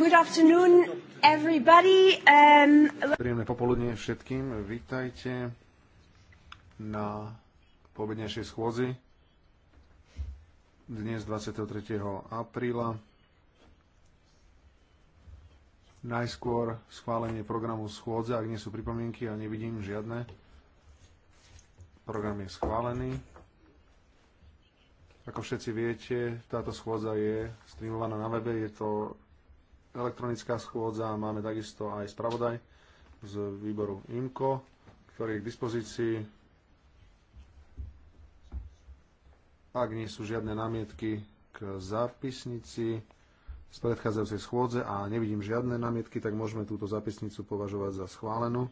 Good afternoon, everybody. Um... Príjemné popoludne všetkým. Vítajte na pobednejšej schôzi dnes 23. apríla. Najskôr schválenie programu schôdze, ak nie sú pripomienky, ja nevidím žiadne. Program je schválený. Ako všetci viete, táto schôdza je streamovaná na webe, je to elektronická schôdza. Máme takisto aj spravodaj z výboru IMCO, ktorý je k dispozícii. Ak nie sú žiadne námietky k zápisnici z predchádzajúcej schôdze a nevidím žiadne námietky, tak môžeme túto zápisnicu považovať za schválenú.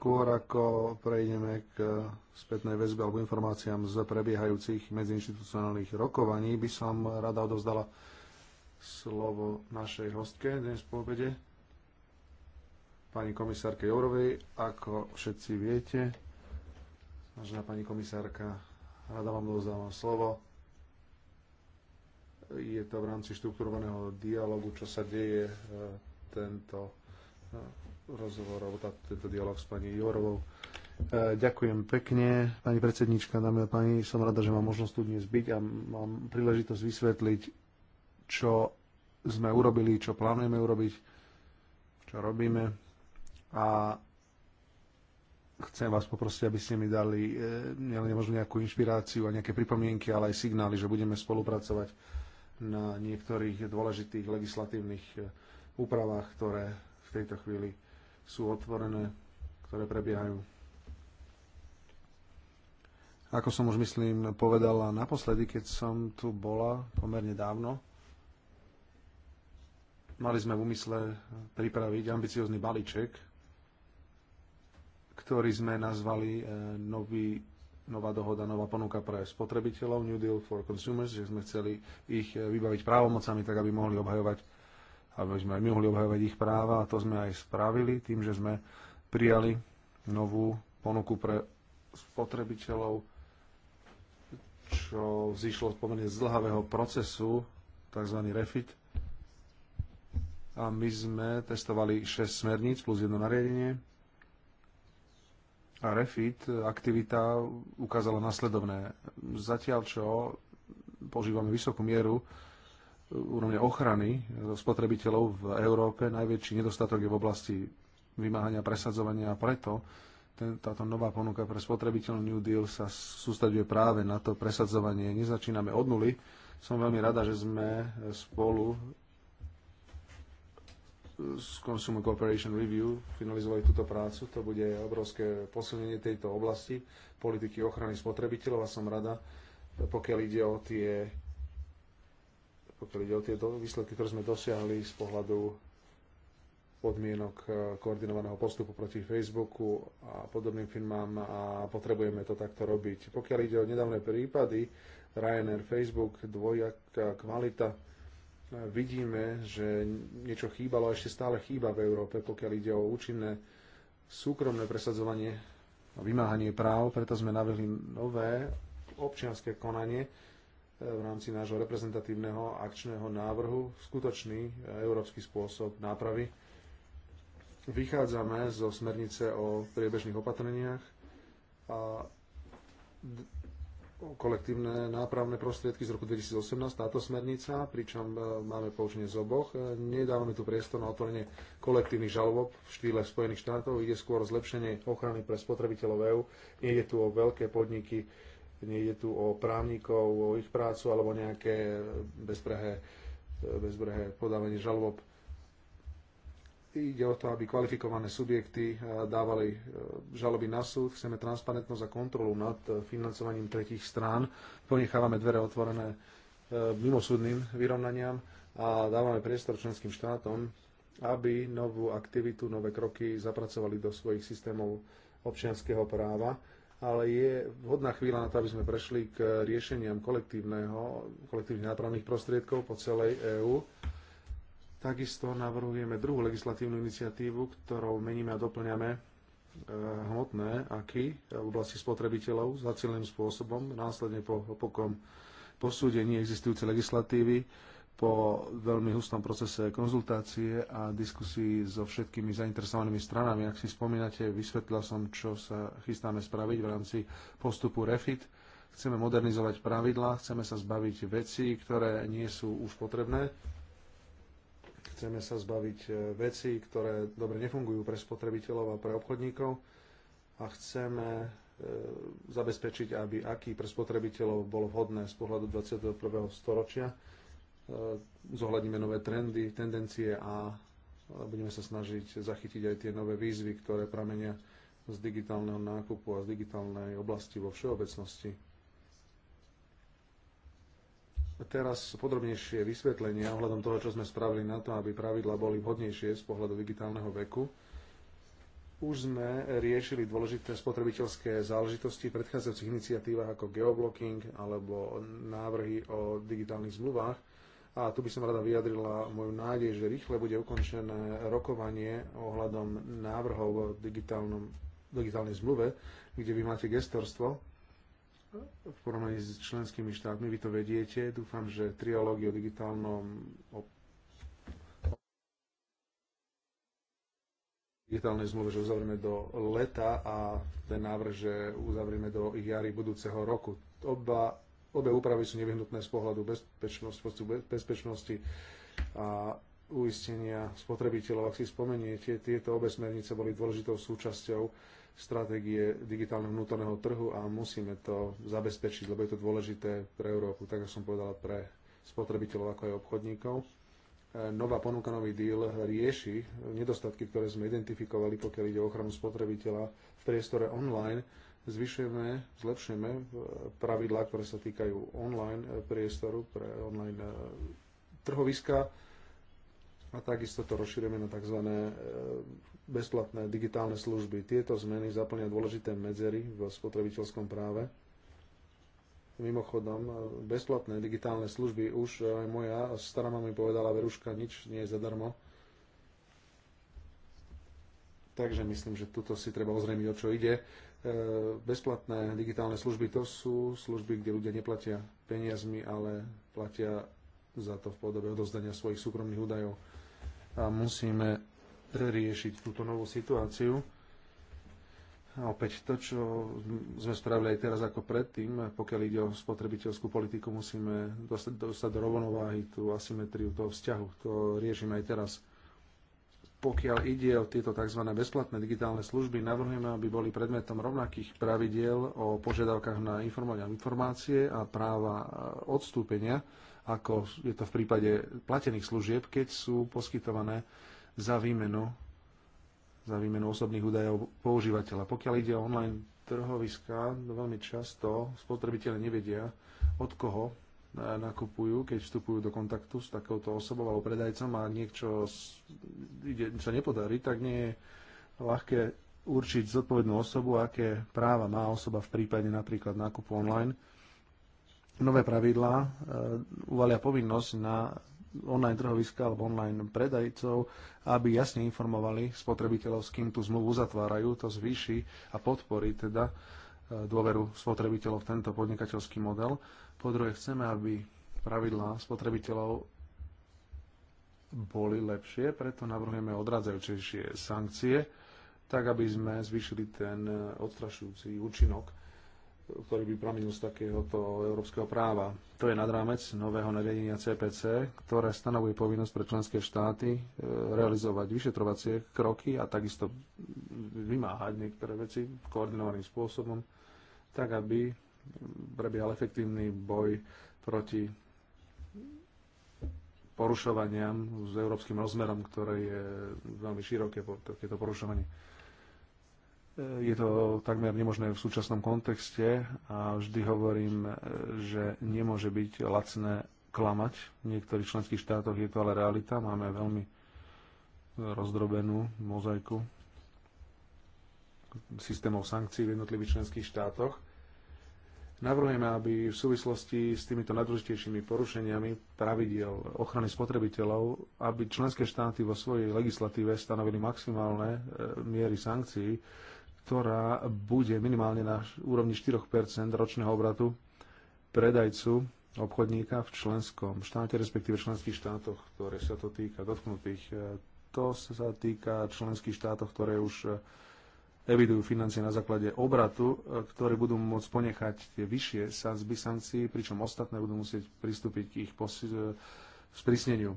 Skôr ako prejdeme k spätnej väzbe alebo informáciám z prebiehajúcich medziinstitucionálnych rokovaní, by som rada odovzdala slovo našej hostke dnes po obede, pani komisárke Jourovej. Ako všetci viete, vážená pani komisárka, rada vám dozdávam slovo. Je to v rámci štrukturovaného dialogu, čo sa deje e, tento rozhovor alebo tento dialog s pani Jorovou. E, ďakujem pekne, pani predsednička, dámy a pani, som rada, že mám možnosť tu dnes byť a mám príležitosť vysvetliť, čo sme urobili, čo plánujeme urobiť, čo robíme a chcem vás poprosiť, aby ste mi dali e, nielen možno nejakú inšpiráciu a nejaké pripomienky, ale aj signály, že budeme spolupracovať na niektorých dôležitých legislatívnych e, úpravách, ktoré v tejto chvíli sú otvorené, ktoré prebiehajú. Ako som už myslím povedala naposledy, keď som tu bola pomerne dávno, mali sme v úmysle pripraviť ambiciózny balíček, ktorý sme nazvali e, nový, nová dohoda, nová ponuka pre spotrebiteľov, New Deal for Consumers, že sme chceli ich e, vybaviť právomocami, tak aby mohli obhajovať aby sme aj my mohli obhajovať ich práva a to sme aj spravili tým, že sme prijali novú ponuku pre spotrebiteľov, čo zišlo z pomerne zdlhavého procesu, tzv. refit. A my sme testovali 6 smerníc plus jedno nariadenie. A refit aktivita ukázala nasledovné. Zatiaľ, čo požívame vysokú mieru úrovne ochrany spotrebiteľov v Európe. Najväčší nedostatok je v oblasti vymáhania, presadzovania a preto ten, táto nová ponuka pre spotrebiteľov New Deal sa sústreduje práve na to presadzovanie. Nezačíname od nuly. Som veľmi rada, že sme spolu s Consumer Cooperation Review finalizovali túto prácu. To bude obrovské posunenie tejto oblasti politiky ochrany spotrebiteľov a som rada, pokiaľ ide o tie pokiaľ ide o tie výsledky, ktoré sme dosiahli z pohľadu podmienok e, koordinovaného postupu proti Facebooku a podobným firmám a potrebujeme to takto robiť. Pokiaľ ide o nedávne prípady, Ryanair, Facebook, dvojaká kvalita, e, vidíme, že niečo chýbalo a ešte stále chýba v Európe, pokiaľ ide o účinné súkromné presadzovanie a vymáhanie práv, preto sme navrhli nové občianské konanie, v rámci nášho reprezentatívneho akčného návrhu skutočný e, európsky spôsob nápravy. Vychádzame zo smernice o priebežných opatreniach a kolektívne nápravné prostriedky z roku 2018, táto smernica, pričom e, máme poučenie z oboch. E, nedávame tu priestor na otvorenie kolektívnych žalob v štýle Spojených štátov, ide skôr o zlepšenie ochrany pre spotrebiteľov EÚ, nie je tu o veľké podniky, Nejde tu o právnikov, o ich prácu alebo nejaké bezbrehé, bezbrehé podávanie žalob. Ide o to, aby kvalifikované subjekty eh, dávali eh, žaloby na súd. Chceme transparentnosť a kontrolu nad eh, financovaním tretich strán. Ponechávame dvere otvorené mimosúdnym vyrovnaniam a dávame priestor členským štátom, aby novú aktivitu, nové kroky zapracovali do svojich systémov občianského práva ale je vhodná chvíľa na to, aby sme prešli k riešeniam kolektívneho, kolektívnych nápravných prostriedkov po celej EÚ. Takisto navrhujeme druhú legislatívnu iniciatívu, ktorou meníme a doplňame e, hmotné aky v oblasti spotrebiteľov za spôsobom, následne po hlbokom posúdení existujúcej legislatívy po veľmi hustom procese konzultácie a diskusí so všetkými zainteresovanými stranami. Ak si spomínate, vysvetlil som, čo sa chystáme spraviť v rámci postupu REFIT. Chceme modernizovať pravidlá, chceme sa zbaviť vecí, ktoré nie sú už potrebné. Chceme sa zbaviť e, veci, ktoré dobre nefungujú pre spotrebiteľov a pre obchodníkov a chceme e, zabezpečiť, aby aký pre spotrebiteľov bolo vhodné z pohľadu 21. storočia E, zohľadíme nové trendy, tendencie a e, budeme sa snažiť zachytiť aj tie nové výzvy, ktoré pramenia z digitálneho nákupu a z digitálnej oblasti vo všeobecnosti. Teraz podrobnejšie vysvetlenia ohľadom toho, čo sme spravili na to, aby pravidla boli vhodnejšie z pohľadu digitálneho veku. Už sme riešili dôležité spotrebiteľské záležitosti v predchádzajúcich iniciatívach ako geoblocking alebo návrhy o digitálnych zmluvách a tu by som rada vyjadrila moju nádej, že rýchle bude ukončené rokovanie ohľadom návrhov o digitálnej zmluve, kde vy máte gestorstvo v porovnaní s členskými štátmi. Vy to vediete. Dúfam, že trialógy o digitálnom digitálnej zmluve, že uzavrieme do leta a ten návrh, že uzavrieme do jary budúceho roku. Oba Obe úpravy sú nevyhnutné z pohľadu bezpečnosti, bezpečnosti a uistenia spotrebiteľov. Ak si spomeniete, tieto obe smernice boli dôležitou súčasťou stratégie digitálneho vnútorného trhu a musíme to zabezpečiť, lebo je to dôležité pre Európu, tak ako som povedal, pre spotrebiteľov ako aj obchodníkov. E, nová ponuka, nový deal rieši nedostatky, ktoré sme identifikovali, pokiaľ ide o ochranu spotrebiteľa v priestore online zvyšujeme, zlepšujeme pravidlá, ktoré sa týkajú online eh, priestoru pre online eh, trhoviska a takisto to rozširujeme na tzv. Eh, bezplatné digitálne služby. Tieto zmeny zaplnia dôležité medzery v spotrebiteľskom práve. Mimochodom, bezplatné digitálne služby už aj moja stará mi povedala, Veruška, nič nie je zadarmo. Takže myslím, že tuto si treba ozrejmiť, o čo ide E, bezplatné digitálne služby to sú služby, kde ľudia neplatia peniazmi, ale platia za to v podobe odozdania svojich súkromných údajov. A musíme riešiť túto novú situáciu. A opäť to, čo sme spravili aj teraz ako predtým, pokiaľ ide o spotrebiteľskú politiku, musíme dostať, dostať do rovnováhy tú asymetriu toho vzťahu. To riešime aj teraz pokiaľ ide o tieto tzv. bezplatné digitálne služby, navrhujeme, aby boli predmetom rovnakých pravidiel o požiadavkách na informovanie informácie a práva e, odstúpenia, ako je to v prípade platených služieb, keď sú poskytované za výmenu, za výmenu osobných údajov používateľa. Pokiaľ ide o online trhoviska, veľmi často spotrebitelia nevedia, od koho nakupujú, keď vstupujú do kontaktu s takouto osobou alebo predajcom a niečo sa nepodarí, tak nie je ľahké určiť zodpovednú osobu, aké práva má osoba v prípade napríklad nákupu online. Nové pravidlá e, uvalia povinnosť na online trhoviska alebo online predajcov, aby jasne informovali spotrebiteľov, s kým tú zmluvu uzatvárajú. To zvýši a podporí teda e, dôveru spotrebiteľov v tento podnikateľský model po druhé, chceme, aby pravidlá spotrebiteľov boli lepšie, preto navrhujeme odradzajúcejšie sankcie, tak aby sme zvýšili ten e, odstrašujúci účinok, ktorý by pramenil z takéhoto európskeho práva. To je nad rámec nového nariadenia CPC, ktoré stanovuje povinnosť pre členské štáty e, realizovať vyšetrovacie kroky a takisto vymáhať niektoré veci koordinovaným spôsobom, tak aby prebiehal efektívny boj proti porušovaniam s európskym rozmerom, ktoré je veľmi široké, takéto porušovanie. E, je to takmer nemožné v súčasnom kontexte a vždy hovorím, e, že nemôže byť lacné klamať. V niektorých členských štátoch je to ale realita. Máme veľmi rozdrobenú mozaiku systémov sankcií v jednotlivých členských štátoch Navrhujeme, aby v súvislosti s týmito najdôležitejšími porušeniami pravidiel ochrany spotrebiteľov, aby členské štáty vo svojej legislatíve stanovili maximálne e, miery sankcií, ktorá bude minimálne na úrovni 4 ročného obratu predajcu obchodníka v členskom štáte, respektíve členských štátoch, ktoré sa to týka, dotknutých. E, to sa týka členských štátov, ktoré už e, evidujú financie na základe obratu, e, ktoré budú môcť ponechať tie vyššie sázby sankcií, pričom ostatné budú musieť pristúpiť k ich e, sprísneniu.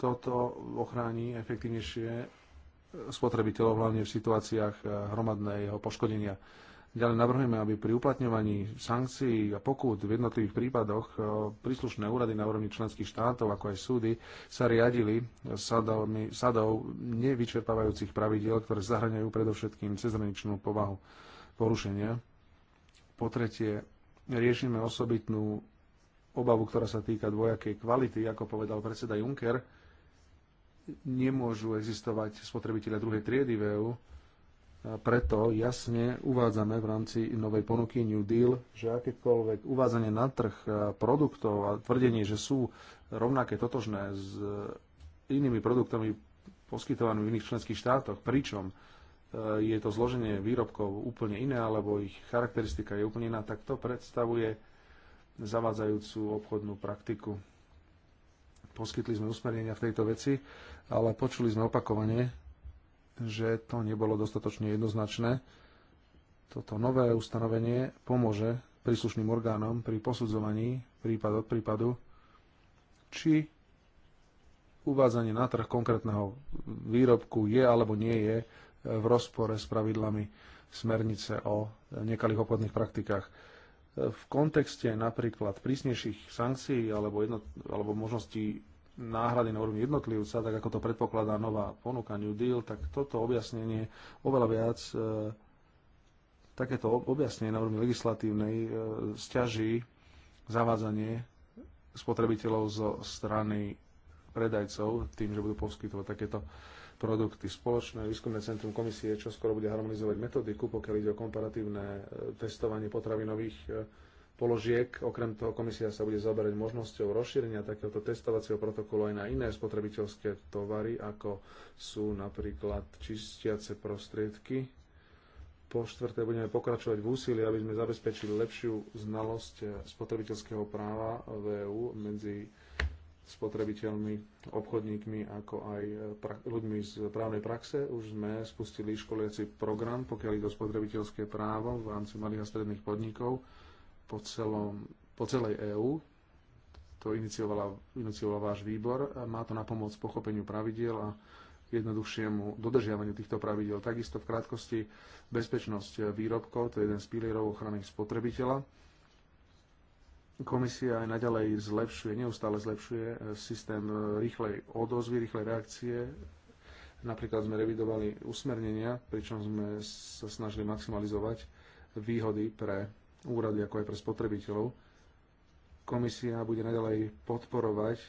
Toto ochráni efektívnejšie e, spotrebiteľov, hlavne v situáciách hromadného poškodenia. Ďalej navrhujeme, aby pri uplatňovaní sankcií a pokút v jednotlivých prípadoch eh, príslušné úrady na úrovni členských štátov, ako aj súdy, sa riadili sadami, sadou nevyčerpávajúcich pravidiel, ktoré zahraňajú predovšetkým cezhraničnú povahu porušenia. Po tretie, riešime osobitnú obavu, ktorá sa týka dvojakej kvality, ako povedal predseda Juncker. Nemôžu existovať spotrebitelia druhej triedy v EU, preto jasne uvádzame v rámci novej ponuky New Deal, že akékoľvek uvádzanie na trh produktov a tvrdenie, že sú rovnaké totožné s inými produktami poskytovanými v iných členských štátoch, pričom e, je to zloženie výrobkov úplne iné, alebo ich charakteristika je úplne iná, tak to predstavuje zavádzajúcu obchodnú praktiku. Poskytli sme usmernenia v tejto veci, ale počuli sme opakovane že to nebolo dostatočne jednoznačné. Toto nové ustanovenie pomôže príslušným orgánom pri posudzovaní prípad od prípadu, či uvádzanie na trh konkrétneho výrobku je alebo nie je v rozpore s pravidlami smernice o nekalých obchodných praktikách. V kontexte napríklad prísnejších sankcií alebo, jedno, alebo možností náhrady na úrovni jednotlivca, tak ako to predpokladá nová ponuka New Deal, tak toto objasnenie oveľa viac e, takéto objasnenie na úrovni legislatívnej e, stiaží zavádzanie spotrebiteľov zo strany predajcov tým, že budú poskytovať takéto produkty. Spoločné výskumné centrum komisie čo skoro bude harmonizovať metodiku, pokiaľ ide o komparatívne e, testovanie potravinových e, položiek. Okrem toho komisia sa bude zaoberať možnosťou rozšírenia takéhoto testovacieho protokolu aj na iné spotrebiteľské tovary, ako sú napríklad čistiace prostriedky. Po štvrté budeme pokračovať v úsilí, aby sme zabezpečili lepšiu znalosť spotrebiteľského práva v EU medzi spotrebiteľmi, obchodníkmi, ako aj eh, ľuďmi z právnej praxe. Už sme spustili školiaci program, pokiaľ ide o spotrebiteľské právo v rámci malých a stredných podnikov po, celom, po celej EÚ. To iniciovala, váš výbor. Má to na pomoc pochopeniu pravidiel a jednoduchšiemu dodržiavaniu týchto pravidel. Takisto v krátkosti bezpečnosť výrobkov, to je jeden z pilierov ochrany spotrebiteľa. Komisia aj naďalej zlepšuje, neustále zlepšuje systém rýchlej odozvy, rýchlej reakcie. Napríklad sme revidovali usmernenia, pričom sme sa snažili maximalizovať výhody pre úrady, ako aj pre spotrebiteľov. Komisia bude naďalej podporovať e,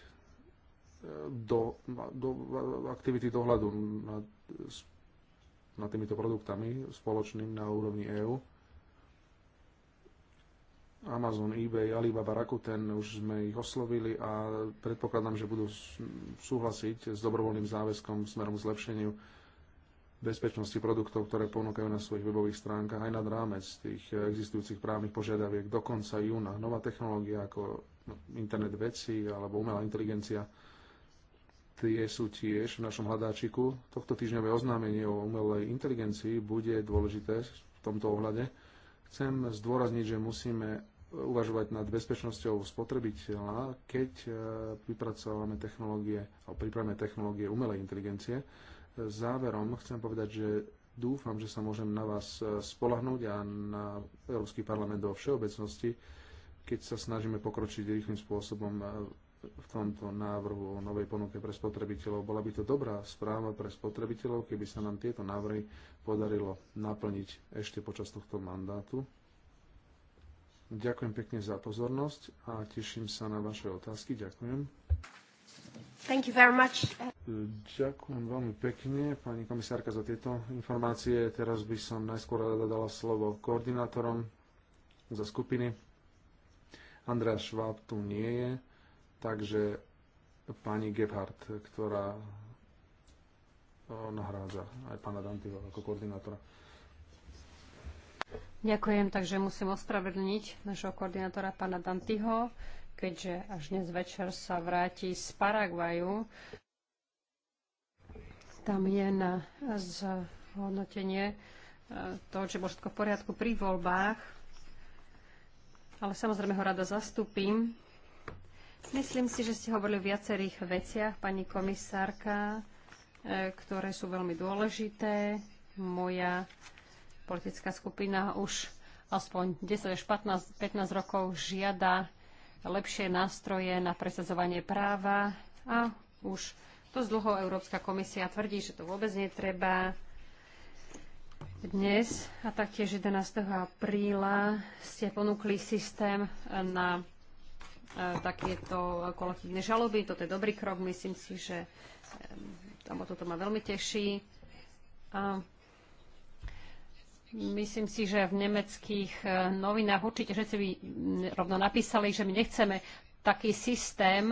do, do aktivity dohľadu nad, nad týmito produktami spoločným na úrovni EÚ. Amazon, eBay, Alibaba, Rakuten, už sme ich oslovili a predpokladám, že budú súhlasiť s dobrovoľným záväzkom smerom k zlepšeniu bezpečnosti produktov, ktoré ponúkajú na svojich webových stránkach aj nad rámec tých existujúcich právnych požiadaviek do konca júna. Nová technológia ako internet veci alebo umelá inteligencia, tie sú tiež v našom hľadáčiku. Tohto týždňové oznámenie o umelej inteligencii bude dôležité v tomto ohľade. Chcem zdôrazniť, že musíme uvažovať nad bezpečnosťou spotrebiteľa, keď eh, vypracovávame technológie alebo pripravíme technológie umelej inteligencie Záverom chcem povedať, že dúfam, že sa môžem na vás e, spolahnúť a na Európsky parlament vo všeobecnosti, keď sa snažíme pokročiť rýchlým spôsobom e, v tomto návrhu o novej ponuke pre spotrebiteľov. Bola by to dobrá správa pre spotrebiteľov, keby sa nám tieto návrhy podarilo naplniť ešte počas tohto mandátu. Ďakujem pekne za pozornosť a teším sa na vaše otázky. Ďakujem. Thank you very much. Ďakujem veľmi pekne, pani komisárka, za tieto informácie. Teraz by som najskôr rada dala slovo koordinátorom za skupiny. Andrea Schwab tu nie je, takže pani Gebhardt, ktorá eh, nahrádza aj pána Dantyho ako koordinátora. Ďakujem, takže musím ospravedlniť našho koordinátora pána Dantyho, keďže až dnes večer sa vráti z Paraguaju. Tam je na zhodnotenie e, toho, že bolo všetko v poriadku pri voľbách. Ale samozrejme ho rada zastúpim. Myslím si, že ste hovorili o viacerých veciach, pani komisárka, e, ktoré sú veľmi dôležité. Moja politická skupina už aspoň 10 až 15, 15 rokov žiada lepšie nástroje na presadzovanie práva a už z dlho Európska komisia tvrdí, že to vôbec netreba. Dnes a taktiež 11. apríla ste ponúkli systém na e, takéto kolektívne žaloby. Toto je dobrý krok, myslím si, že e, toto ma veľmi teší. A Myslím si, že v nemeckých eh, novinách určite všetci by mm, rovno napísali, že my nechceme taký systém,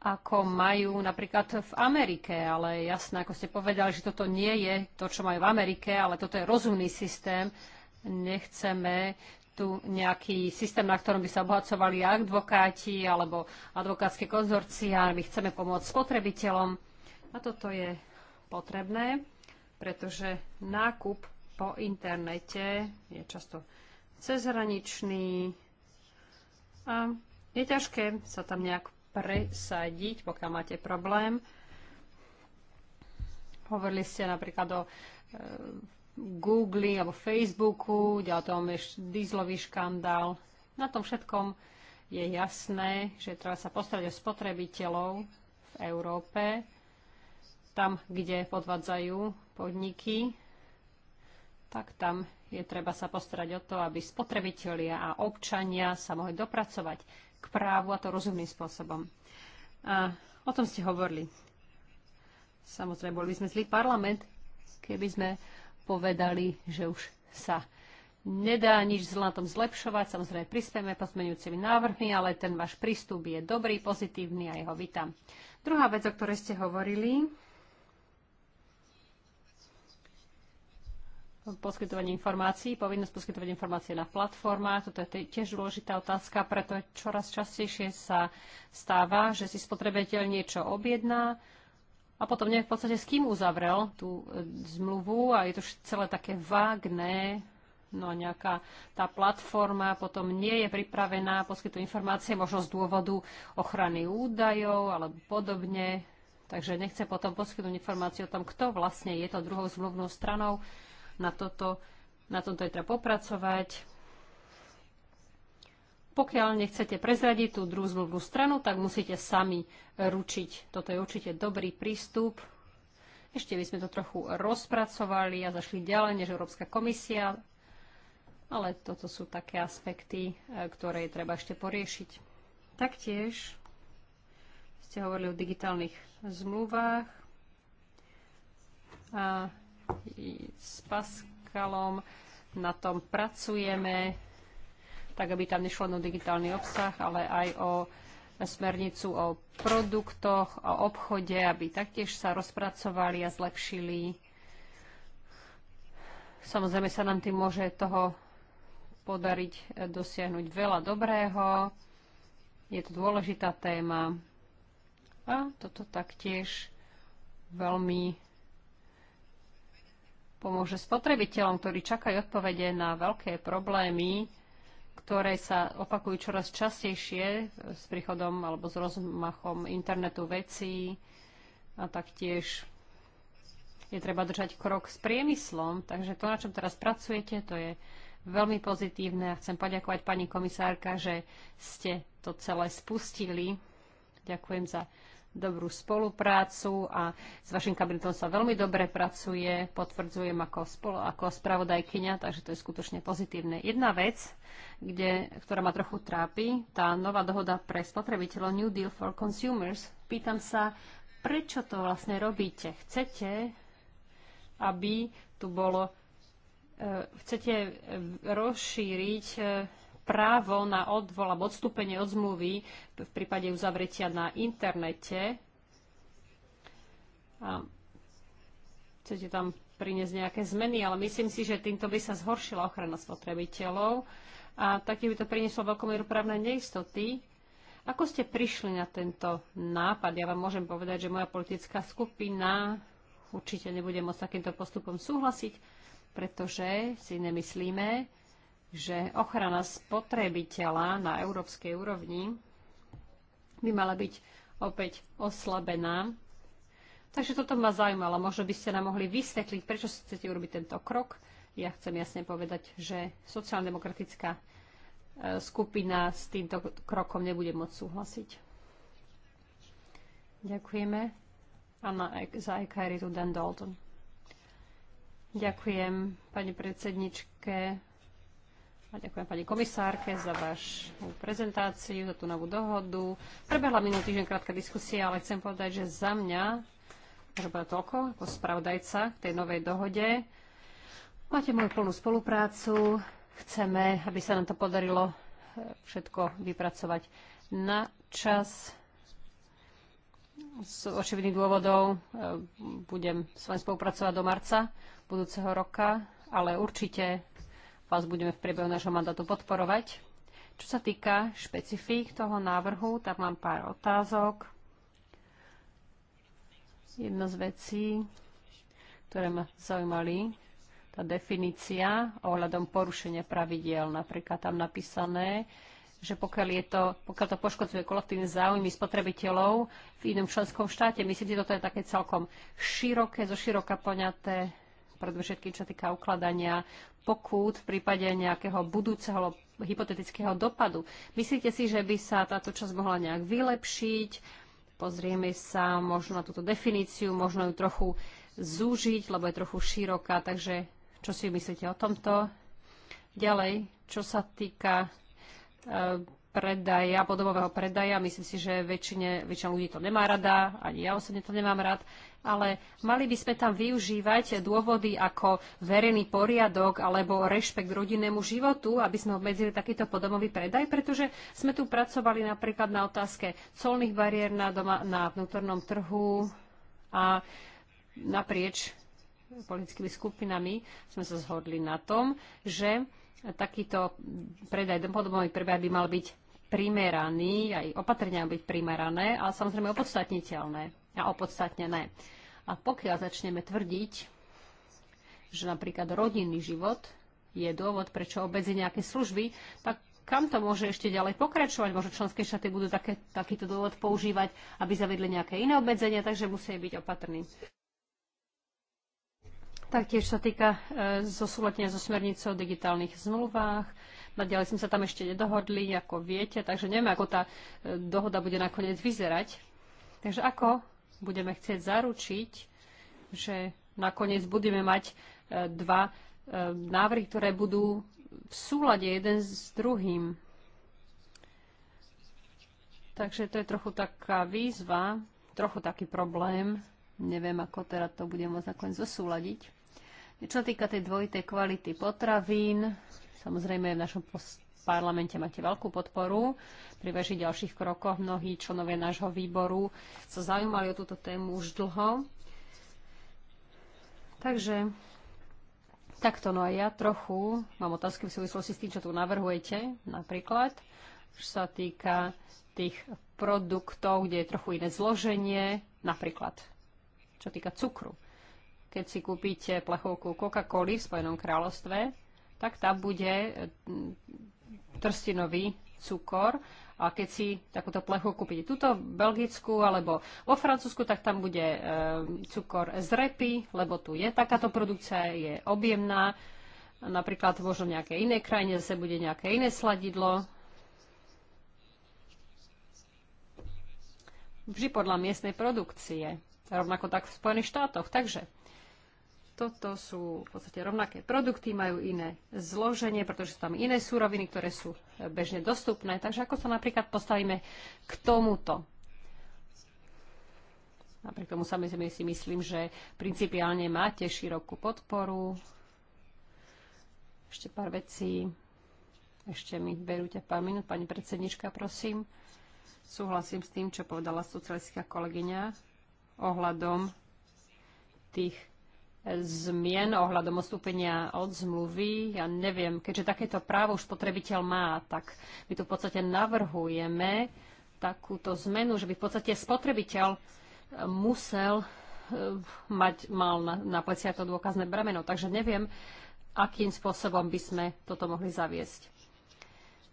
ako majú napríklad v Amerike, ale jasné, ako ste povedali, že toto nie je to, čo majú v Amerike, ale toto je rozumný systém. Nechceme tu nejaký systém, na ktorom by sa obohacovali advokáti alebo advokátske konzorcia. My chceme pomôcť spotrebiteľom. A toto je potrebné, pretože nákup po internete, je často cezhraničný a je ťažké sa tam nejak presadiť, pokiaľ máte problém. Hovorili ste napríklad o e, Google alebo Facebooku, ďalej tom je dízlový škandál. Na tom všetkom je jasné, že treba sa postarať o spotrebiteľov v Európe, tam, kde podvádzajú podniky tak tam je treba sa postarať o to, aby spotrebitelia a občania sa mohli dopracovať k právu a to rozumným spôsobom. A o tom ste hovorili. Samozrejme, boli by sme zlý parlament, keby sme povedali, že už sa nedá nič zle na tom zlepšovať. Samozrejme, prispieme pozmeňujúcimi návrhmi, ale ten váš prístup je dobrý, pozitívny a jeho vítam. Druhá vec, o ktorej ste hovorili, poskytovanie informácií, povinnosť poskytovať informácie na platformách. Toto je tiež dôležitá otázka, preto čoraz častejšie sa stáva, že si spotrebiteľ niečo objedná a potom nevie v podstate s kým uzavrel tú e, zmluvu a je to celé také vágné, no a nejaká tá platforma potom nie je pripravená poskytnúť informácie možno z dôvodu ochrany údajov alebo podobne. Takže nechce potom poskytnúť informáciu o tom, kto vlastne je to druhou zmluvnou stranou na, toto, na tomto je treba popracovať. Pokiaľ nechcete prezradiť tú druhú zmluvnú stranu, tak musíte sami ručiť. Toto je určite dobrý prístup. Ešte by sme to trochu rozpracovali a zašli ďalej než Európska komisia, ale toto sú také aspekty, e, ktoré je treba ešte poriešiť. Taktiež ste hovorili o digitálnych zmluvách. A s Pascalom. Na tom pracujeme, tak aby tam nešlo na o digitálny obsah, ale aj o smernicu o produktoch, o obchode, aby taktiež sa rozpracovali a zlepšili. Samozrejme sa nám tým môže toho podariť eh, dosiahnuť veľa dobrého. Je to dôležitá téma. A toto taktiež veľmi pomôže spotrebiteľom, ktorí čakajú odpovede na veľké problémy, ktoré sa opakujú čoraz častejšie s príchodom alebo s rozmachom internetu vecí a taktiež je treba držať krok s priemyslom. Takže to, na čom teraz pracujete, to je veľmi pozitívne a chcem poďakovať pani komisárka, že ste to celé spustili. Ďakujem za dobrú spoluprácu a s vašim kabinetom sa veľmi dobre pracuje, potvrdzujem ako, spolo, ako spravodajkyňa, takže to je skutočne pozitívne. Jedna vec, kde, ktorá ma trochu trápi, tá nová dohoda pre spotrebiteľov New Deal for Consumers, pýtam sa, prečo to vlastne robíte? Chcete, aby tu bolo, e, chcete e, rozšíriť e, právo na odvol alebo odstúpenie od zmluvy v prípade uzavretia na internete. A chcete tam priniesť nejaké zmeny, ale myslím si, že týmto by sa zhoršila ochrana spotrebiteľov a taký by to prinieslo veľkú mieru právnej neistoty. Ako ste prišli na tento nápad? Ja vám môžem povedať, že moja politická skupina určite nebude môcť takýmto postupom súhlasiť, pretože si nemyslíme, že ochrana spotrebiteľa na európskej úrovni by mala byť opäť oslabená. Takže toto ma zaujímalo. Možno by ste nám mohli vysvetliť, prečo chcete urobiť tento krok. Ja chcem jasne povedať, že sociálno-demokratická e, skupina s týmto krokom nebude môcť súhlasiť. Ďakujeme. Anna e za Ekaritu Dan Dalton. Ďakujem pani predsedničke a ďakujem pani komisárke za vašu prezentáciu, za tú novú dohodu. Prebehla minulý týždeň krátka diskusia, ale chcem povedať, že za mňa, že bude toľko, ako spravodajca k tej novej dohode, máte moju plnú spoluprácu. Chceme, aby sa nám to podarilo eh, všetko vypracovať na čas. Z očividných dôvodov eh, budem s vami spolupracovať do marca budúceho roka, ale určite vás budeme v priebehu nášho mandátu podporovať. Čo sa týka špecifík toho návrhu, tak mám pár otázok. Jedna z vecí, ktoré ma zaujímali, tá definícia ohľadom porušenia pravidiel. Napríklad tam napísané, že pokiaľ, je to, pokiaľ to poškodzuje kolektívne záujmy spotrebiteľov v inom členskom štáte, myslím že toto je také celkom široké, zo široka poňaté predovšetkým čo týka ukladania pokút v prípade nejakého budúceho hypotetického dopadu. Myslíte si, že by sa táto časť mohla nejak vylepšiť? Pozrieme sa možno na túto definíciu, možno ju trochu zúžiť, lebo je trochu široká, takže čo si myslíte o tomto? Ďalej, čo sa týka eh, predaja, podobového predaja. Myslím si, že väčšine, väčšina ľudí to nemá rada, ani ja osobne to nemám rád, ale mali by sme tam využívať dôvody ako verejný poriadok alebo rešpekt rodinnému životu, aby sme obmedzili takýto podobový predaj, pretože sme tu pracovali napríklad na otázke colných bariér na, doma, na vnútornom trhu a naprieč politickými skupinami sme sa zhodli na tom, že takýto predaj, podobový predaj by mal byť primeraný, aj opatrenia byť primerané ale samozrejme opodstatniteľné a opodstatnené. A pokiaľ začneme tvrdiť, že napríklad rodinný život je dôvod, prečo obmedzi nejaké služby, tak kam to môže ešte ďalej pokračovať? Možno členské štáty budú také, takýto dôvod používať, aby zavedli nejaké iné obmedzenia, takže musí byť opatrní. Taktiež sa týka e, zosúletenia so smernicou o digitálnych zmluvách. Naďalej sme sa tam ešte nedohodli, ako viete, takže neviem, ako tá e, dohoda bude nakoniec vyzerať. Takže ako budeme chcieť zaručiť, že nakoniec budeme mať e, dva e, návrhy, ktoré budú v súlade jeden s druhým. Takže to je trochu taká výzva, trochu taký problém. Neviem, ako teraz to bude môcť nakoniec zosúľadiť. Čo týka tej dvojitej kvality potravín, Samozrejme, v našom parlamente máte veľkú podporu. Pri vašich ďalších krokoch mnohí členovia nášho výboru sa zaujímali o túto tému už dlho. Takže takto, no a ja trochu mám otázky v súvislosti s tým, čo tu navrhujete, napríklad, čo sa týka tých produktov, kde je trochu iné zloženie, napríklad, čo týka cukru. Keď si kúpite plechovku coca coli v Spojenom kráľovstve, tak tam bude eh, trstinový cukor. A keď si takúto plechu kúpite tuto v Belgicku alebo vo Francúzsku, tak tam bude eh, cukor z repy, lebo tu je takáto produkcia, je objemná. Napríklad možno v nejakej inej krajine zase bude nejaké iné sladidlo. Vždy podľa miestnej produkcie. Rovnako tak v Spojených štátoch. Takže toto sú v podstate rovnaké produkty, majú iné zloženie, pretože sú tam iné súroviny, ktoré sú bežne dostupné. Takže ako sa napríklad postavíme k tomuto? Napriek tomu samozrejme si myslím, že principiálne máte širokú podporu. Ešte pár vecí. Ešte mi berúte pár minút. Pani predsednička, prosím. Súhlasím s tým, čo povedala socialistická kolegyňa ohľadom tých zmien ohľadom ostúpenia od zmluvy. Ja neviem, keďže takéto právo už spotrebiteľ má, tak my tu v podstate navrhujeme takúto zmenu, že by v podstate spotrebiteľ musel eh, mať, mal na, na plecia to dôkazné bremeno. Takže neviem, akým spôsobom by sme toto mohli zaviesť.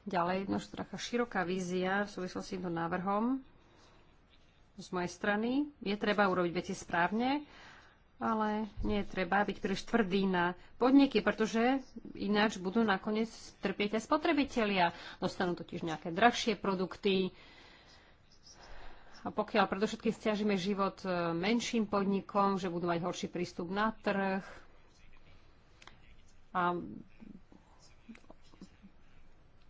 Ďalej, no, taká široká vízia v súvislosti s týmto návrhom z mojej strany. Je treba urobiť veci správne ale nie je treba byť príliš tvrdý na podniky, pretože ináč budú nakoniec trpieť aj spotrebitelia. Dostanú totiž nejaké drahšie produkty. A pokiaľ predovšetkým stiažíme život e, menším podnikom, že budú mať horší prístup na trh a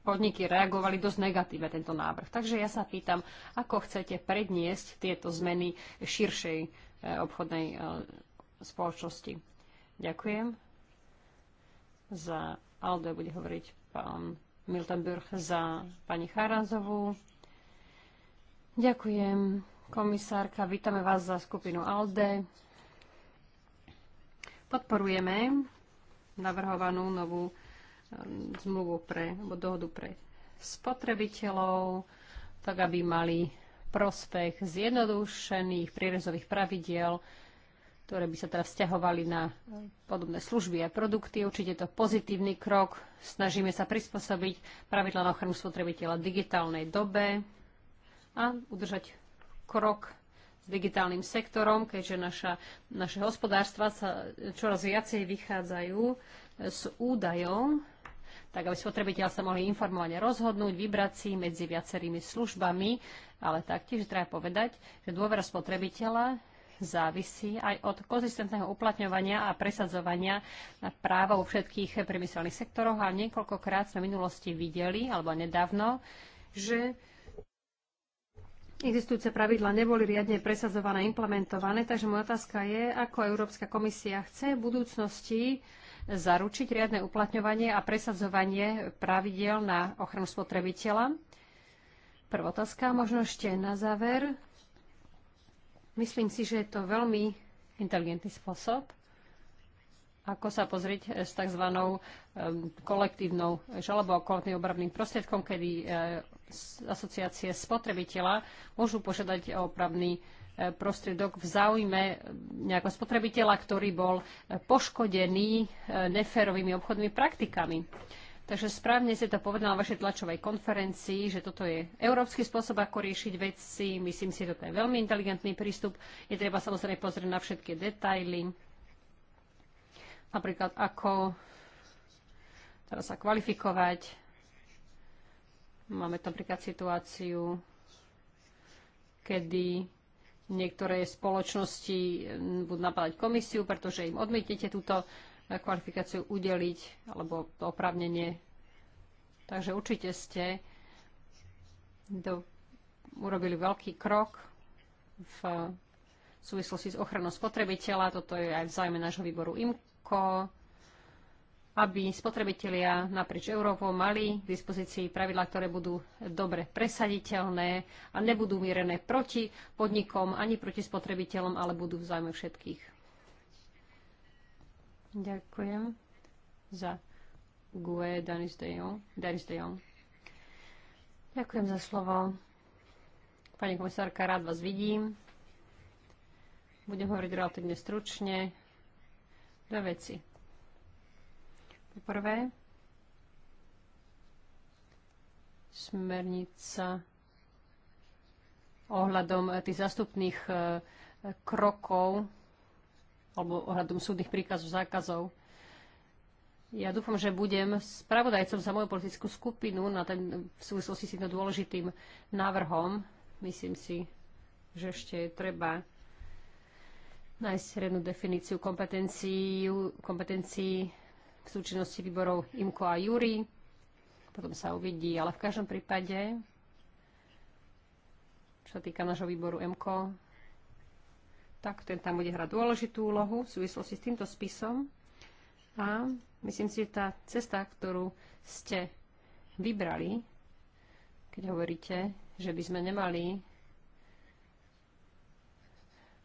podniky reagovali dosť negatívne tento návrh. Takže ja sa pýtam, ako chcete predniesť tieto zmeny širšej e, obchodnej e, spoločnosti. Ďakujem. Za Aldo bude hovoriť pán Miltenburg za pani Charanzovú. Ďakujem, komisárka. Vítame vás za skupinu ALDE. Podporujeme navrhovanú novú um, zmluvu pre, alebo dohodu pre spotrebiteľov, tak aby mali prospech zjednodušených prírezových pravidiel ktoré by sa teraz vzťahovali na eh, podobné služby a produkty. Určite je to pozitívny krok. Snažíme sa prispôsobiť pravidla na ochranu spotrebiteľa v digitálnej dobe a udržať krok s digitálnym sektorom, keďže naša, naše hospodárstva sa eh, čoraz viacej vychádzajú eh, s údajom, tak aby spotrebiteľ sa mohli informovane rozhodnúť, vybrať si medzi viacerými službami, ale taktiež treba povedať, že dôvera spotrebiteľa závisí aj od konzistentného uplatňovania a presadzovania práva vo všetkých priemyselných sektoroch a niekoľkokrát sme v minulosti videli, alebo nedávno, že Existujúce pravidla neboli riadne presadzované, implementované, takže moja otázka je, ako Európska komisia chce v budúcnosti zaručiť riadne uplatňovanie a presadzovanie pravidel na ochranu spotrebiteľa. Prvotázka, možno ešte na záver. Myslím si, že je to veľmi inteligentný spôsob, ako sa pozrieť eh, s tzv. kolektívnou žalobou, kolektívnym obravným prostriedkom, kedy eh, asociácie spotrebiteľa môžu požiadať o opravný eh, prostriedok v záujme nejakého spotrebiteľa, ktorý bol poškodený neférovými obchodnými praktikami. Takže správne ste to povedala na vašej tlačovej konferencii, že toto je európsky spôsob, ako riešiť veci. Myslím si, že toto je veľmi inteligentný prístup. Je treba samozrejme pozrieť na všetky detaily. Napríklad, ako teraz sa kvalifikovať. Máme tam napríklad situáciu, kedy niektoré spoločnosti budú napadať komisiu, pretože im odmietnete túto kvalifikáciu udeliť alebo to opravnenie. Takže určite ste do, urobili veľký krok v súvislosti s ochranou spotrebiteľa. Toto je aj v zájme nášho výboru IMKO, aby spotrebitelia naprieč Európou mali k dispozícii pravidlá, ktoré budú dobre presaditeľné a nebudú mierené proti podnikom ani proti spotrebiteľom, ale budú v všetkých. Ďakujem za GUE Danis de Jong. Danis de Jong. Ďakujem za slovo. Pani komisárka, rád vás vidím. Budem hovoriť relatívne stručne. Dve veci. Poprvé, smernica ohľadom tých zastupných eh, krokov alebo ohľadom súdnych príkazov, zákazov. Ja dúfam, že budem spravodajcom za moju politickú skupinu na ten, v súvislosti s týmto dôležitým návrhom. Myslím si, že ešte treba nájsť rednú definíciu kompetencií, kompetencií v súčinnosti výborov IMKO a JURY. Potom sa uvidí, ale v každom prípade, čo sa týka nášho výboru MKO, tak ten tam bude hrať dôležitú úlohu v súvislosti s týmto spisom. A myslím si, že tá cesta, ktorú ste vybrali, keď hovoríte, že by sme nemali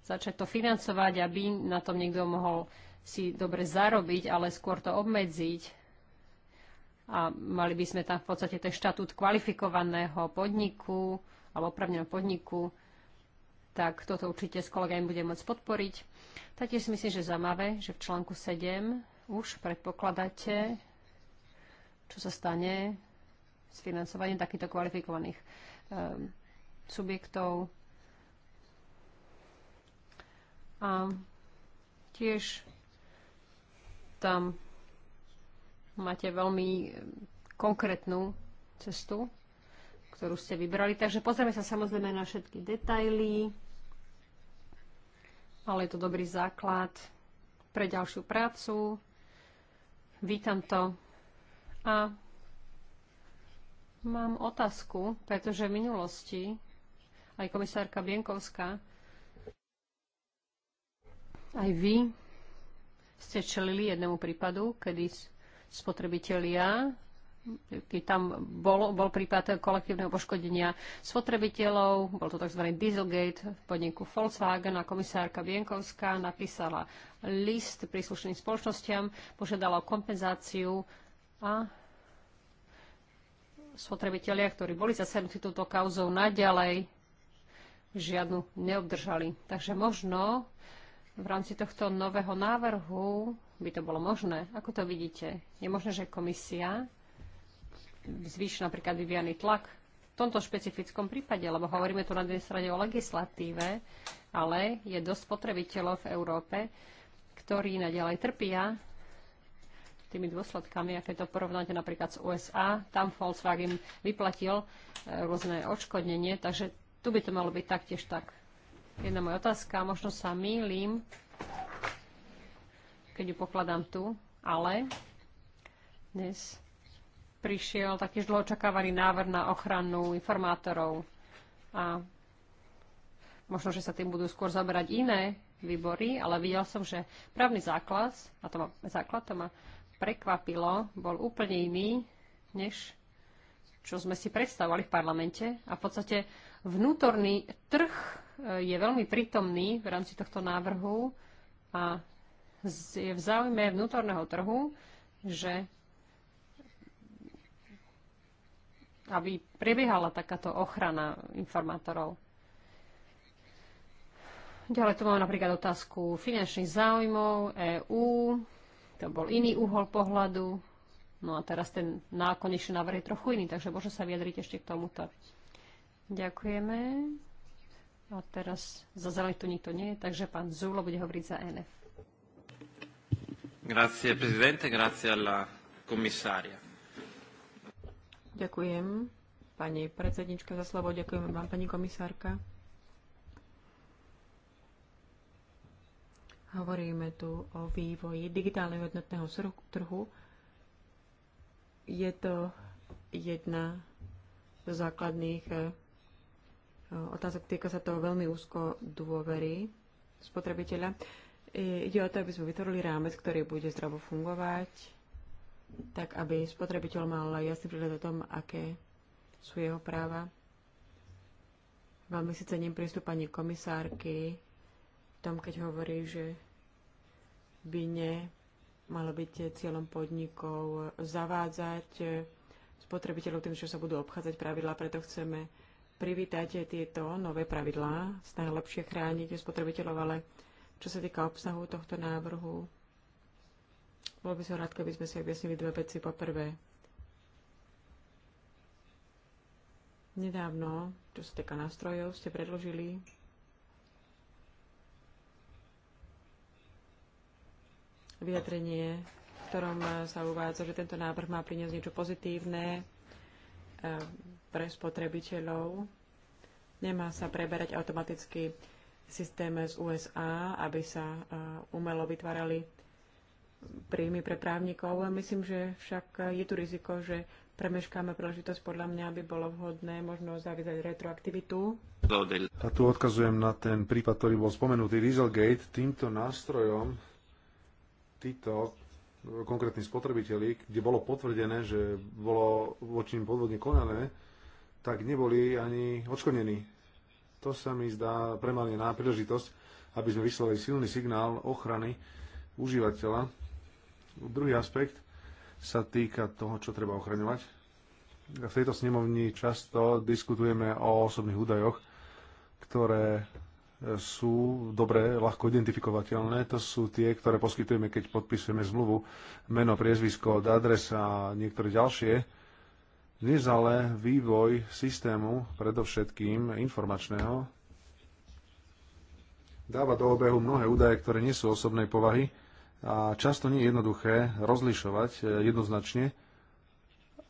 začať to financovať, aby na tom niekto mohol si dobre zarobiť, ale skôr to obmedziť. A mali by sme tam v podstate ten štatút kvalifikovaného podniku alebo opravneného podniku tak toto určite s kolegami budem môcť podporiť. Taktiež si myslím, že zaujímavé, že v článku 7 už predpokladáte, čo sa stane s financovaním takýchto kvalifikovaných um, subjektov. A tiež tam máte veľmi konkrétnu cestu, ktorú ste vybrali. Takže pozrieme sa samozrejme na všetky detaily ale je to dobrý základ pre ďalšiu prácu. Vítam to. A mám otázku, pretože v minulosti aj komisárka Bienkovská, aj vy ste čelili jednému prípadu, kedy spotrebitelia keď tam bol, bol prípad kolektívneho poškodenia spotrebiteľov, bol to tzv. Dieselgate v podniku Volkswagen a komisárka Vienkovská napísala list príslušným spoločnosťam, požiadala o kompenzáciu a spotrebitelia, ktorí boli zasadnutí touto kauzou, naďalej žiadnu neobdržali. Takže možno v rámci tohto nového návrhu by to bolo možné. Ako to vidíte? Je možné, že komisia zvýši napríklad vyvíjaný tlak v tomto špecifickom prípade, lebo hovoríme tu na jednej strane o legislatíve, ale je dosť spotrebiteľov v Európe, ktorí naďalej trpia tými dôsledkami, aké to porovnáte napríklad s USA, tam Volkswagen vyplatil e, rôzne odškodnenie, takže tu by to malo byť taktiež tak. Jedna moja otázka, možno sa mýlim, keď ju pokladám tu, ale dnes prišiel taký dlho očakávaný návrh na ochranu informátorov a možno, že sa tým budú skôr zaberať iné výbory, ale videl som, že právny základ, a to ma, základ to ma prekvapilo, bol úplne iný, než čo sme si predstavovali v parlamente. A v podstate vnútorný trh e, je veľmi prítomný v rámci tohto návrhu a je v záujme vnútorného trhu, že aby prebiehala takáto ochrana informátorov. Ďalej tu máme napríklad otázku finančných záujmov, EÚ, to bol iný uhol pohľadu, no a teraz ten nákonečný návrh je trochu iný, takže možno sa vyjadriť ešte k tomuto. Ďakujeme. A teraz za zelených tu nikto nie je, takže pán Zulo bude hovoriť za e NF. Grazie, presidente, grazie alla commissaria. Ďakujem pani predsednička za slovo, ďakujem vám pani komisárka. Hovoríme tu o vývoji digitálneho jednotného trhu. Je to jedna zo základných eh, otázok, týka sa to veľmi úzko dôvery spotrebiteľa. Ide o to, aby sme vytvorili rámec, ktorý bude zdravo fungovať, tak aby spotrebiteľ mal jasný prehľad o tom, aké sú jeho práva. Veľmi si cením prístup pani komisárky v tom, keď hovorí, že by ne malo byť cieľom podnikov zavádzať spotrebiteľov tým, že sa budú obchádzať pravidlá, preto chceme privítať tieto nové pravidlá, snaha lepšie chrániť spotrebiteľov, ale čo sa týka obsahu tohto návrhu, bolo by som rád, keby sme si objasnili dve veci. Po prvé, nedávno, čo sa týka nástrojov, ste predložili vyjadrenie, v ktorom sa uvádza, že tento návrh má priniesť niečo pozitívne eh, pre spotrebiteľov. Nemá sa preberať automaticky systém z USA, aby sa eh, umelo vytvárali príjmy pre právnikov. Myslím, že však je tu riziko, že premeškáme príležitosť. Podľa mňa aby bolo vhodné možno zaviesť retroaktivitu. A tu odkazujem na ten prípad, ktorý bol spomenutý, Dieselgate. Týmto nástrojom títo konkrétni spotrebiteľi, kde bolo potvrdené, že bolo voči podvodne konané, tak neboli ani odškodnení. To sa mi zdá premalne na príležitosť, aby sme vyslali silný signál ochrany užívateľa Druhý aspekt sa týka toho, čo treba ochraňovať. V tejto snemovni často diskutujeme o osobných údajoch, ktoré e, sú dobre, ľahko identifikovateľné. To sú tie, ktoré poskytujeme, keď podpisujeme zmluvu, meno, priezvisko, adres a niektoré ďalšie. Dnes ale vývoj systému, predovšetkým informačného, dáva do obehu mnohé údaje, ktoré nie sú osobnej povahy, a často nie je jednoduché rozlišovať e, jednoznačne.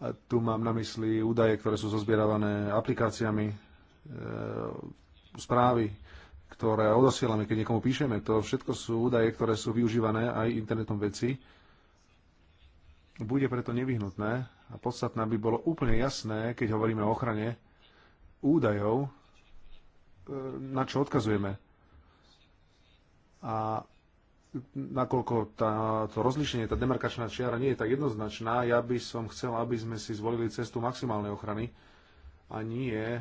A tu mám na mysli údaje, ktoré sú zozbieravané aplikáciami, e, správy, ktoré odosielame, keď niekomu píšeme. To všetko sú údaje, ktoré sú využívané aj internetom veci. Bude preto nevyhnutné a podstatné by bolo úplne jasné, keď hovoríme o ochrane údajov, e, na čo odkazujeme. A nakoľko táto rozlišenie, tá demarkačná čiara nie je tak jednoznačná, ja by som chcel, aby sme si zvolili cestu maximálnej ochrany a nie e,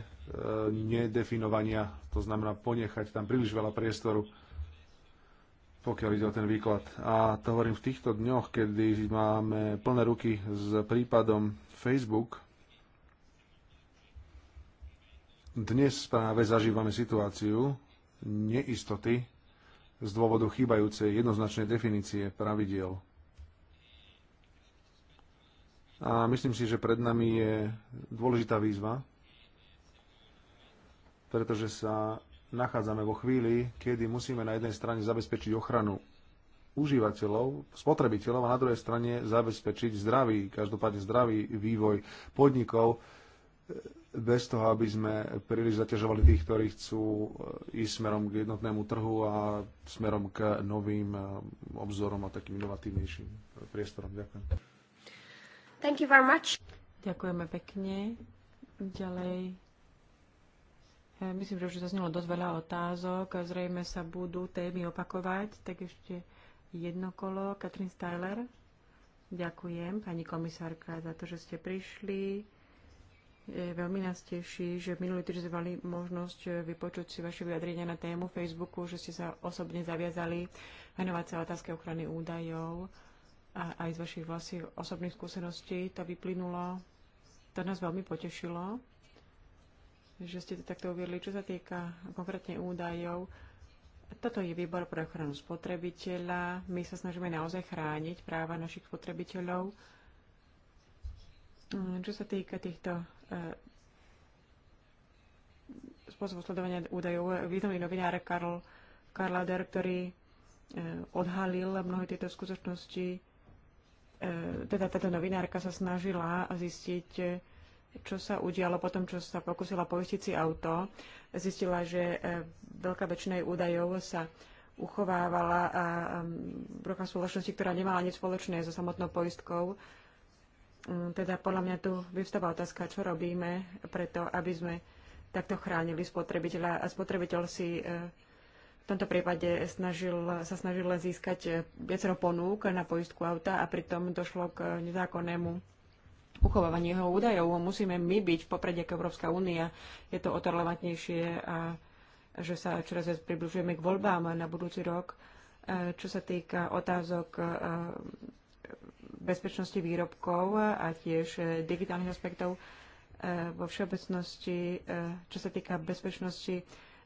nedefinovania, to znamená ponechať tam príliš veľa priestoru, pokiaľ ide o ten výklad. A to hovorím v týchto dňoch, kedy máme plné ruky s prípadom Facebook. Dnes práve zažívame situáciu neistoty z dôvodu chýbajúcej jednoznačnej definície pravidiel. A myslím si, že pred nami je dôležitá výzva, pretože sa nachádzame vo chvíli, kedy musíme na jednej strane zabezpečiť ochranu užívateľov, spotrebiteľov a na druhej strane zabezpečiť zdravý, každopádne zdravý vývoj podnikov, bez toho, aby sme príliš zaťažovali tých, ktorí chcú eh, ísť smerom k jednotnému trhu a smerom k novým eh, obzorom a takým inovatívnejším priestorom. Ďakujem. Thank you very much. Ďakujeme pekne. Ďalej. Eh, myslím, že už zaznelo dosť veľa otázok. Zrejme sa budú témy opakovať. Tak ešte jedno kolo. Katrin Styler. Ďakujem, pani komisárka, za to, že ste prišli veľmi nás teší, že minulý týždeň mali možnosť eh, vypočuť si vaše vyjadrenia na tému Facebooku, že ste sa osobne zaviazali venovať sa otázke ochrany údajov a aj z vašich vlastných osobných skúseností to vyplynulo. To nás veľmi potešilo, že ste to takto uviedli. Čo sa týka konkrétne údajov, toto je výbor pre ochranu spotrebiteľa. My sa snažíme naozaj chrániť práva našich spotrebiteľov. Mm, čo sa týka týchto E, spôsobu sledovania údajov významný novinár Karl, Karl Ader, ktorý e, odhalil mnohé tieto skutočnosti. E, teda táto novinárka sa snažila zistiť, čo sa udialo po tom, čo sa pokusila poistiť si auto. Zistila, že veľká väčšina údajov sa uchovávala a v rukách spoločnosti, ktorá nemala nič spoločné so samotnou poistkou. Mm, teda podľa mňa tu vyvstáva otázka, čo robíme preto, aby sme takto chránili spotrebiteľa a spotrebiteľ si e, v tomto prípade snažil, sa snažil získať e, viacero ponúk na poistku auta a pritom došlo k e, nezákonnému uchovávaniu jeho údajov. Musíme my byť v poprede ako Európska únia. Je to otorlevatnejšie a že sa čoraz viac približujeme k voľbám na budúci rok. Čo sa týka otázok bezpečnosti výrobkov a tiež e, digitálnych aspektov e, vo všeobecnosti, e, čo sa týka bezpečnosti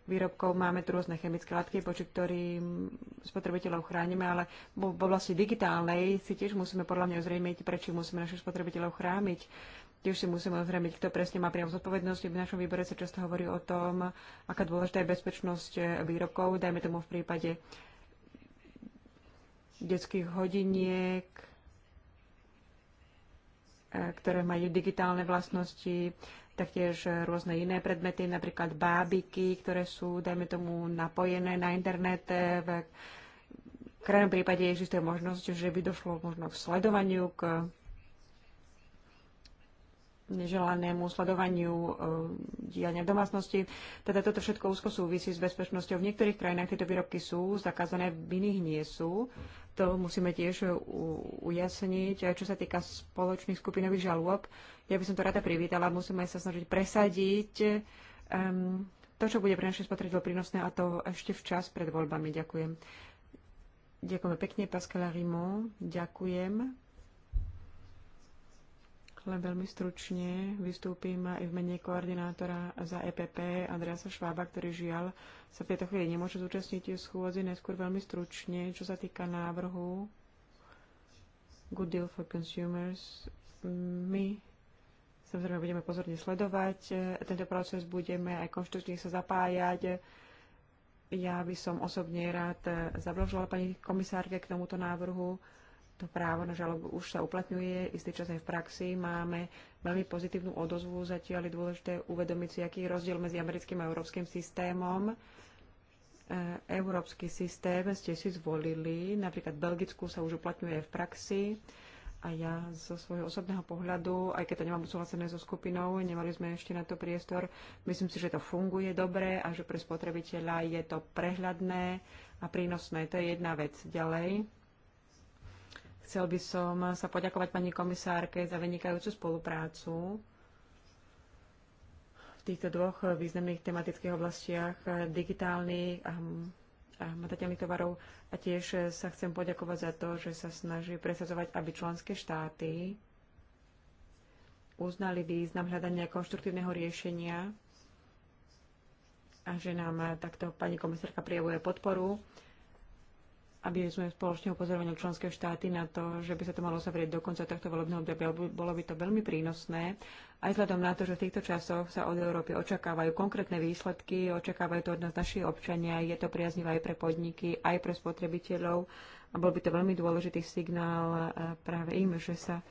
výrobkov, máme tu rôzne chemické látky, poči ktorým spotrebiteľov chránime, ale v oblasti digitálnej si tiež musíme podľa mňa ozrejmiť, prečo musíme našich spotrebiteľov chrániť. Tiež si musíme ozrejmiť, kto presne má priamo zodpovednosť. V našom výbore sa často hovorí o tom, aká dôležitá je bezpečnosť výrobkov, dajme tomu v prípade detských hodiniek, E, ktoré majú digitálne vlastnosti, taktiež rôzne iné predmety, napríklad bábiky, ktoré sú, dajme tomu, napojené na internet. E, v krajnom prípade existuje možnosť, že by došlo možno k sledovaniu, k neželanému sledovaniu e, diania domácnosti. Teda toto všetko úzko súvisí s bezpečnosťou. V niektorých krajinách tieto výrobky sú zakázané, v iných nie sú. To musíme tiež e, ujasniť. Čo sa týka spoločných skupinových žalôb, ja by som to rada privítala. Musíme sa snažiť presadiť um, to, čo bude pre naše spotrebiteľov prínosné a to ešte včas pred voľbami. Ďakujem. Ďakujeme pekne, Pascal Rimo. Ďakujem. Len veľmi stručne vystúpim aj v mene koordinátora za EPP Andreasa Švába, ktorý žiaľ sa v tejto chvíli nemôže zúčastniť schôdzi, neskôr veľmi stručne, čo sa týka návrhu Good Deal for Consumers. My samozrejme budeme pozorne sledovať e, tento proces, budeme aj konštručne sa zapájať. Ja by som osobne rád e, zabložila pani komisárke k tomuto návrhu to právo na žalobu už sa uplatňuje, istý čas aj v praxi. Máme veľmi pozitívnu odozvu, zatiaľ je dôležité uvedomiť si, aký je rozdiel medzi americkým a európskym systémom. E, európsky systém ste si zvolili, napríklad Belgicku sa už uplatňuje v praxi a ja zo svojho osobného pohľadu, aj keď to nemám súhlasené so skupinou, nemali sme ešte na to priestor, myslím si, že to funguje dobre a že pre spotrebiteľa je to prehľadné a prínosné. To je jedna vec. Ďalej, Chcel by som sa poďakovať pani komisárke za vynikajúcu spoluprácu v týchto dvoch významných tematických oblastiach digitálnych a hmatateľných tovarov a tiež sa chcem poďakovať za to, že sa snaží presadzovať, aby členské štáty uznali význam hľadania konštruktívneho riešenia a že nám takto pani komisárka prijavuje podporu aby sme spoločne upozorovali členské štáty na to, že by sa to malo zavrieť do konca tohto volebného obdobia. Bolo by to veľmi prínosné, aj vzhľadom na to, že v týchto časoch sa od Európy očakávajú konkrétne výsledky, očakávajú to od nás naši občania, je to priaznivé aj pre podniky, aj pre spotrebiteľov a bol by to veľmi dôležitý signál e, práve im, že sa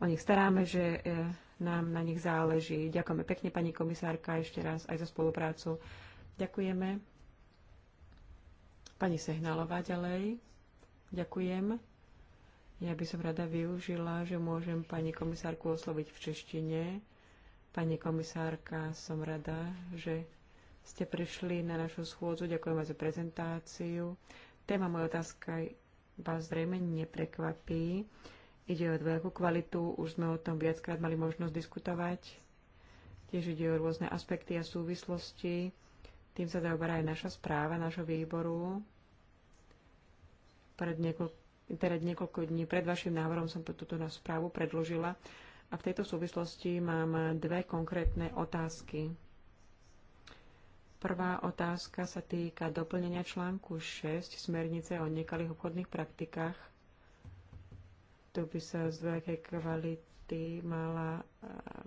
o nich staráme, že e, nám na nich záleží. Ďakujeme pekne, pani komisárka, ešte raz aj za spoluprácu. Ďakujeme. Pani Sehnalová ďalej. Ďakujem. Ja by som rada využila, že môžem pani komisárku osloviť v češtine. Pani komisárka, som rada, že ste prišli na našu schôdzu. Ďakujem za prezentáciu. Téma mojej otázka vás zrejme neprekvapí. Ide o veľkú kvalitu, už sme o tom viackrát mali možnosť diskutovať. Tiež ide o rôzne aspekty a súvislosti. Tým sa zaoberá aj naša správa, nášho výboru. Pred niekoľko, teda niekoľko dní pred vašim návrhom som túto správu predložila a v tejto súvislosti mám dve konkrétne otázky. Prvá otázka sa týka doplnenia článku 6 smernice o nekalých obchodných praktikách. Tu by sa z veľkej kvality mala eh,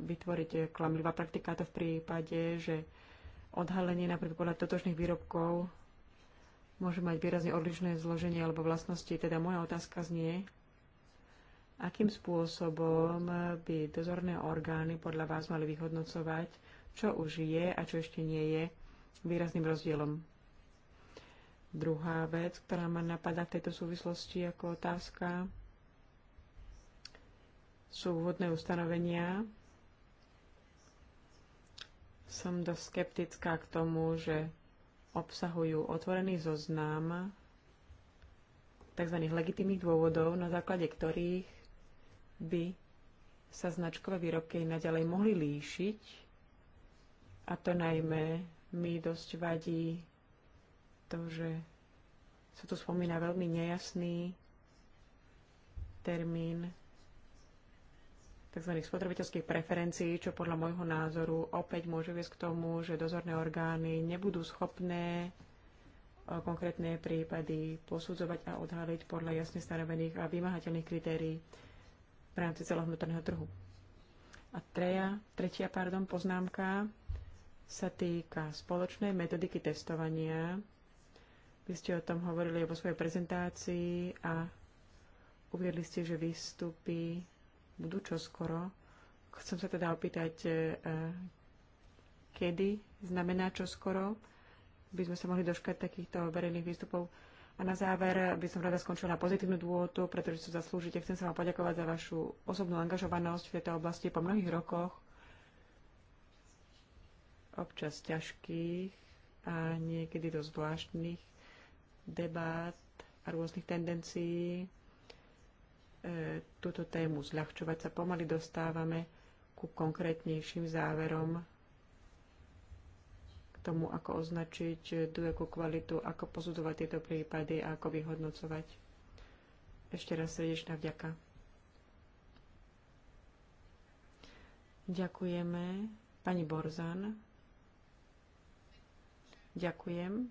vytvoriť eh, klamlivá praktika, to v prípade, že odhalenie napríklad totožných výrobkov môže mať výrazne odlišné zloženie alebo vlastnosti. Teda moja otázka znie, akým spôsobom by dozorné orgány podľa vás mali vyhodnocovať, čo už je a čo ešte nie je výrazným rozdielom. Druhá vec, ktorá ma napadá v tejto súvislosti ako otázka, sú úvodné ustanovenia, som dosť skeptická k tomu, že obsahujú otvorený zoznam tzv. legitimných dôvodov, na základe ktorých by sa značkové výrobky naďalej mohli líšiť. A to najmä mi dosť vadí to, že sa tu spomína veľmi nejasný termín tzv. spotrebiteľských preferencií, čo podľa môjho názoru opäť môže viesť k tomu, že dozorné orgány nebudú schopné e, konkrétne prípady posudzovať a odhaliť podľa jasne stanovených a vymahateľných kritérií v rámci celého vnútorného trhu. A treja, tretia pardon, poznámka sa týka spoločnej metodiky testovania. Vy ste o tom hovorili vo svojej prezentácii a uviedli ste, že výstupy budú čoskoro. Chcem sa teda opýtať, e, e, kedy znamená čoskoro, by sme sa mohli doškať takýchto verejných výstupov. A na záver by som rada skončila na pozitívnu dôvodu, pretože sa zaslúžite. Chcem sa vám poďakovať za vašu osobnú angažovanosť v tejto oblasti po mnohých rokoch, občas ťažkých a niekedy do zvláštnych debát a rôznych tendencií E, túto tému zľahčovať, sa pomaly dostávame ku konkrétnejším záverom k tomu, ako označiť dvojakú kvalitu, ako posudzovať tieto prípady a ako vyhodnocovať. Ešte raz srdečná vďaka. Ďakujeme. Pani Borzan. Ďakujem.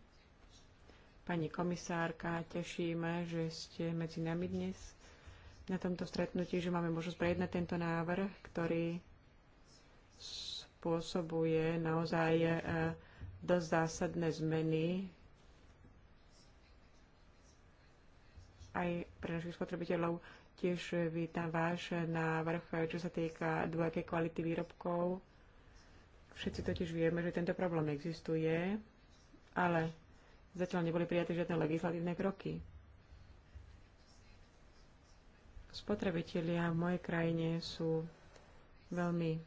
Pani komisárka, tešíme, že ste medzi nami dnes na tomto stretnutí, že máme možnosť prejednať tento návrh, ktorý spôsobuje naozaj e, dosť zásadné zmeny aj pre našich spotrebiteľov. Tiež vítam váš návrh, čo sa týka dvojakej kvality výrobkov. Všetci totiž vieme, že tento problém existuje, ale zatiaľ neboli prijaté žiadne legislatívne kroky. Spotrebitelia v mojej krajine sú veľmi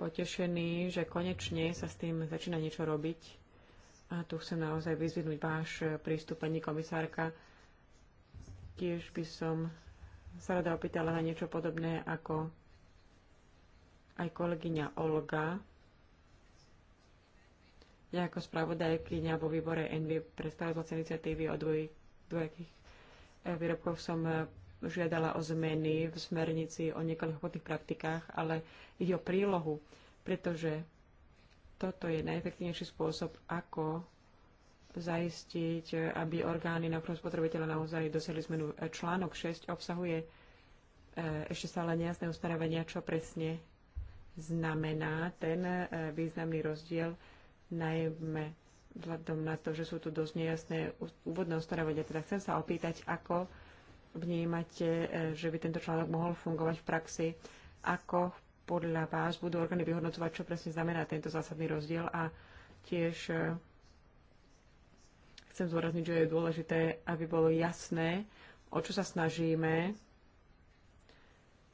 potešení, že konečne sa s tým začína niečo robiť. A tu chcem naozaj vyzvihnúť váš prístup, pani komisárka. Tiež by som sa rada opýtala na niečo podobné ako aj kolegyňa Olga. Ja ako spravodajkyňa vo výbore NV pre starostlivosť iniciatívy o dvojakých výrobkov som e, žiadala o zmeny v smernici o niekoľkých obchodných praktikách, ale ide o prílohu, pretože toto je najefektívnejší spôsob, ako zaistiť, e, aby orgány na ochranu spotrebiteľa naozaj dosiahli zmenu. E, článok 6 obsahuje ešte stále nejasné ustanovenia, čo presne znamená ten významný rozdiel, najmä vzhľadom na to, že sú tu dosť nejasné úvodné ustanovenia. Teda chcem sa opýtať, ako vnímate, e, že by tento článok mohol fungovať v praxi, ako podľa vás budú orgány vyhodnocovať, čo presne znamená tento zásadný rozdiel a tiež e, chcem zvorazniť, že je dôležité, aby bolo jasné, o čo sa snažíme.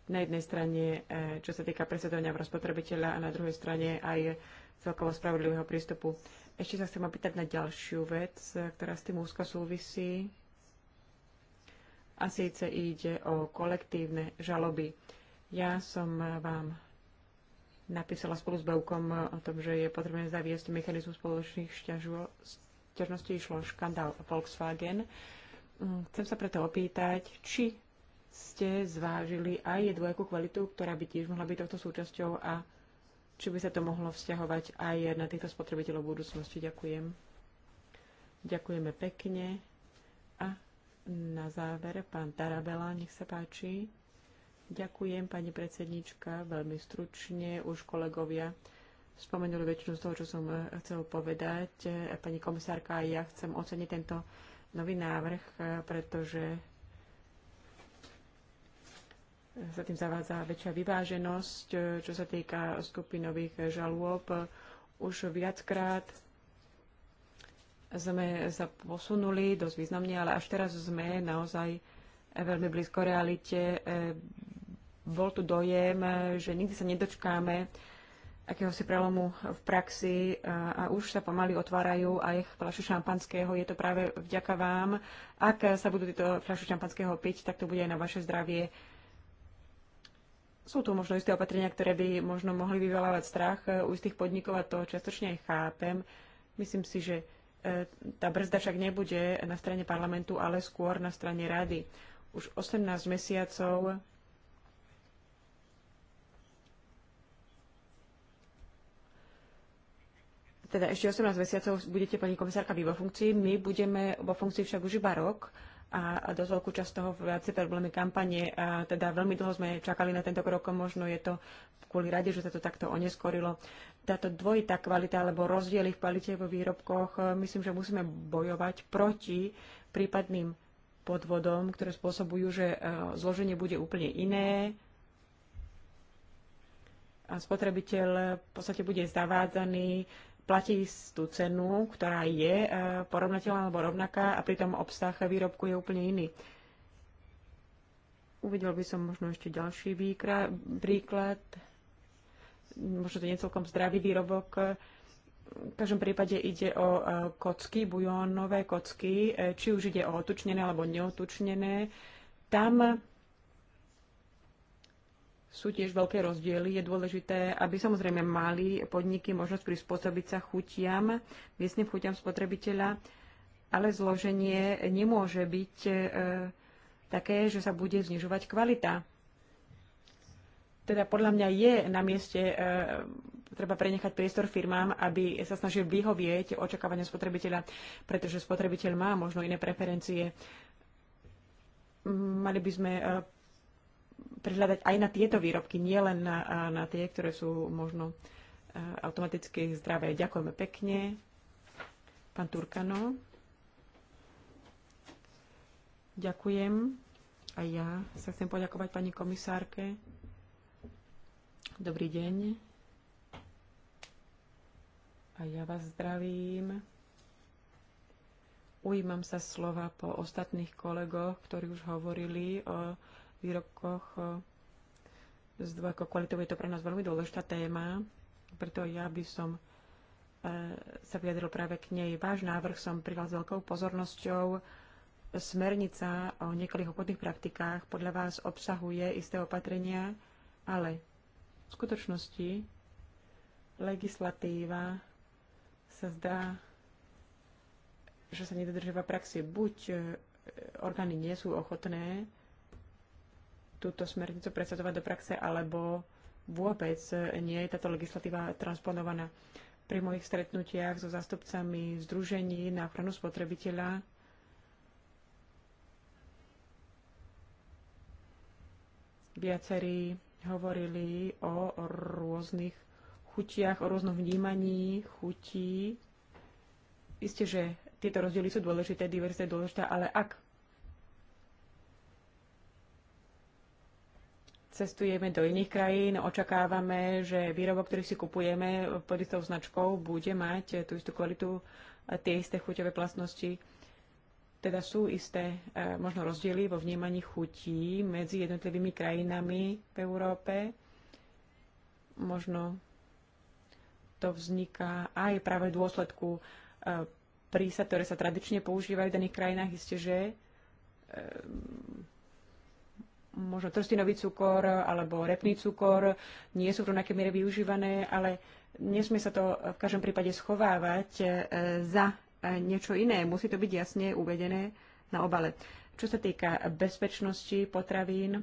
Na jednej strane, e, čo sa týka presedovania v rozpotrebiteľa a na druhej strane aj celkovo spravodlivého prístupu. Ešte sa chcem opýtať na ďalšiu vec, ktorá s tým úzko súvisí. A síce ide o kolektívne žaloby. Ja som vám napísala spolu s Beukom o tom, že je potrebné zaviesť mechanizmus spoločných šťažností. Išlo škandál Volkswagen. Mm, chcem sa preto opýtať, či ste zvážili aj dvojakú kvalitu, ktorá by tiež mohla byť tohto súčasťou a či by sa to mohlo vzťahovať aj na týchto spotrebiteľov budúcnosti. Ďakujem. Ďakujeme pekne. A na záver pán Tarabela, nech sa páči. Ďakujem, pani predsednička, veľmi stručne. Už kolegovia spomenuli väčšinu z toho, čo som eh, chcel povedať. Eh, pani komisárka, ja chcem oceniť tento nový návrh, eh, pretože sa tým zavádza väčšia vyváženosť, e, čo sa týka skupinových žalôb. Už viackrát sme sa posunuli dosť významne, ale až teraz sme naozaj e, veľmi blízko realite. E, bol tu dojem, že nikdy sa nedočkáme akéhosi prelomu v praxi a, už sa pomaly otvárajú aj fľaše šampanského. Je to práve vďaka vám. Ak sa budú tieto fľaše šampanského piť, tak to bude aj na vaše zdravie sú tu možno isté opatrenia, ktoré by možno mohli vyvolávať strach e, u istých podnikov a to čiastočne aj chápem. Myslím si, že e, tá brzda však nebude na strane parlamentu, ale skôr na strane rady. Už 18 mesiacov teda ešte 18 mesiacov budete, pani komisárka, vy vo funkcii. My budeme vo funkcii však už iba rok. Uh, a dosť veľkú časť toho veci problémy kampane. A teda veľmi dlho sme čakali na tento krok, možno je to kvôli rade, že sa to takto oneskorilo. Táto dvojitá kvalita alebo rozdiely v kvalite vo výrobkoch, e, myslím, že musíme bojovať proti prípadným podvodom, ktoré spôsobujú, že e, zloženie bude úplne iné a spotrebiteľ v podstate bude zavádzaný platí tú cenu, ktorá je e, porovnateľná alebo rovnaká a pri tom obsah výrobku je úplne iný. Uvidel by som možno ešte ďalší výkra- príklad. Možno to nie celkom zdravý výrobok. V každom prípade ide o e, kocky, bujónové kocky, e, či už ide o otučnené alebo neotučnené. Tam sú tiež veľké rozdiely. Je dôležité, aby samozrejme mali podniky možnosť prispôsobiť sa chutiam, miestnym chutiam spotrebiteľa, ale zloženie nemôže byť e, také, že sa bude znižovať kvalita. Teda podľa mňa je na mieste, e, treba prenechať priestor firmám, aby sa snažil vyhovieť očakávania spotrebiteľa, pretože spotrebiteľ má možno iné preferencie. Mali by sme e, prihľadať aj na tieto výrobky, nielen na, na tie, ktoré sú možno e, automaticky zdravé. Ďakujeme pekne. Pán Turkano. Ďakujem. A ja sa chcem poďakovať pani komisárke. Dobrý deň. A ja vás zdravím. Ujímam sa slova po ostatných kolegoch, ktorí už hovorili o výrokoch s e, dvojko kvalitou. Je to pre nás veľmi dôležitá téma, preto ja by som e, sa vyjadril práve k nej. Váš návrh som prijal s veľkou pozornosťou. Smernica o niekoľkých obchodných praktikách podľa vás obsahuje isté opatrenia, ale v skutočnosti legislatíva sa zdá, že sa nedodržíva praxi. Buď e, orgány nie sú ochotné túto smernicu presadzovať do praxe, alebo vôbec nie je táto legislatíva transponovaná. Pri mojich stretnutiach so zástupcami Združení na ochranu spotrebiteľa viacerí hovorili o rôznych chutiach, o rôznom vnímaní chutí. Isté, že tieto rozdiely sú dôležité, diverzita je dôležitá, ale ak cestujeme do iných krajín, očakávame, že výrobok, ktorý si kupujeme pod istou značkou, bude mať tú istú kvalitu, tie isté chuťové vlastnosti. Teda sú isté e, možno rozdiely vo vnímaní chutí medzi jednotlivými krajinami v Európe. Možno to vzniká aj práve v dôsledku e, prísad, ktoré sa tradične používajú v daných krajinách, isté, že e, možno trstinový cukor alebo repný cukor nie sú v rovnakej miere využívané, ale nesmie sa to v každom prípade schovávať e, za e, niečo iné. Musí to byť jasne uvedené na obale. Čo sa týka bezpečnosti potravín,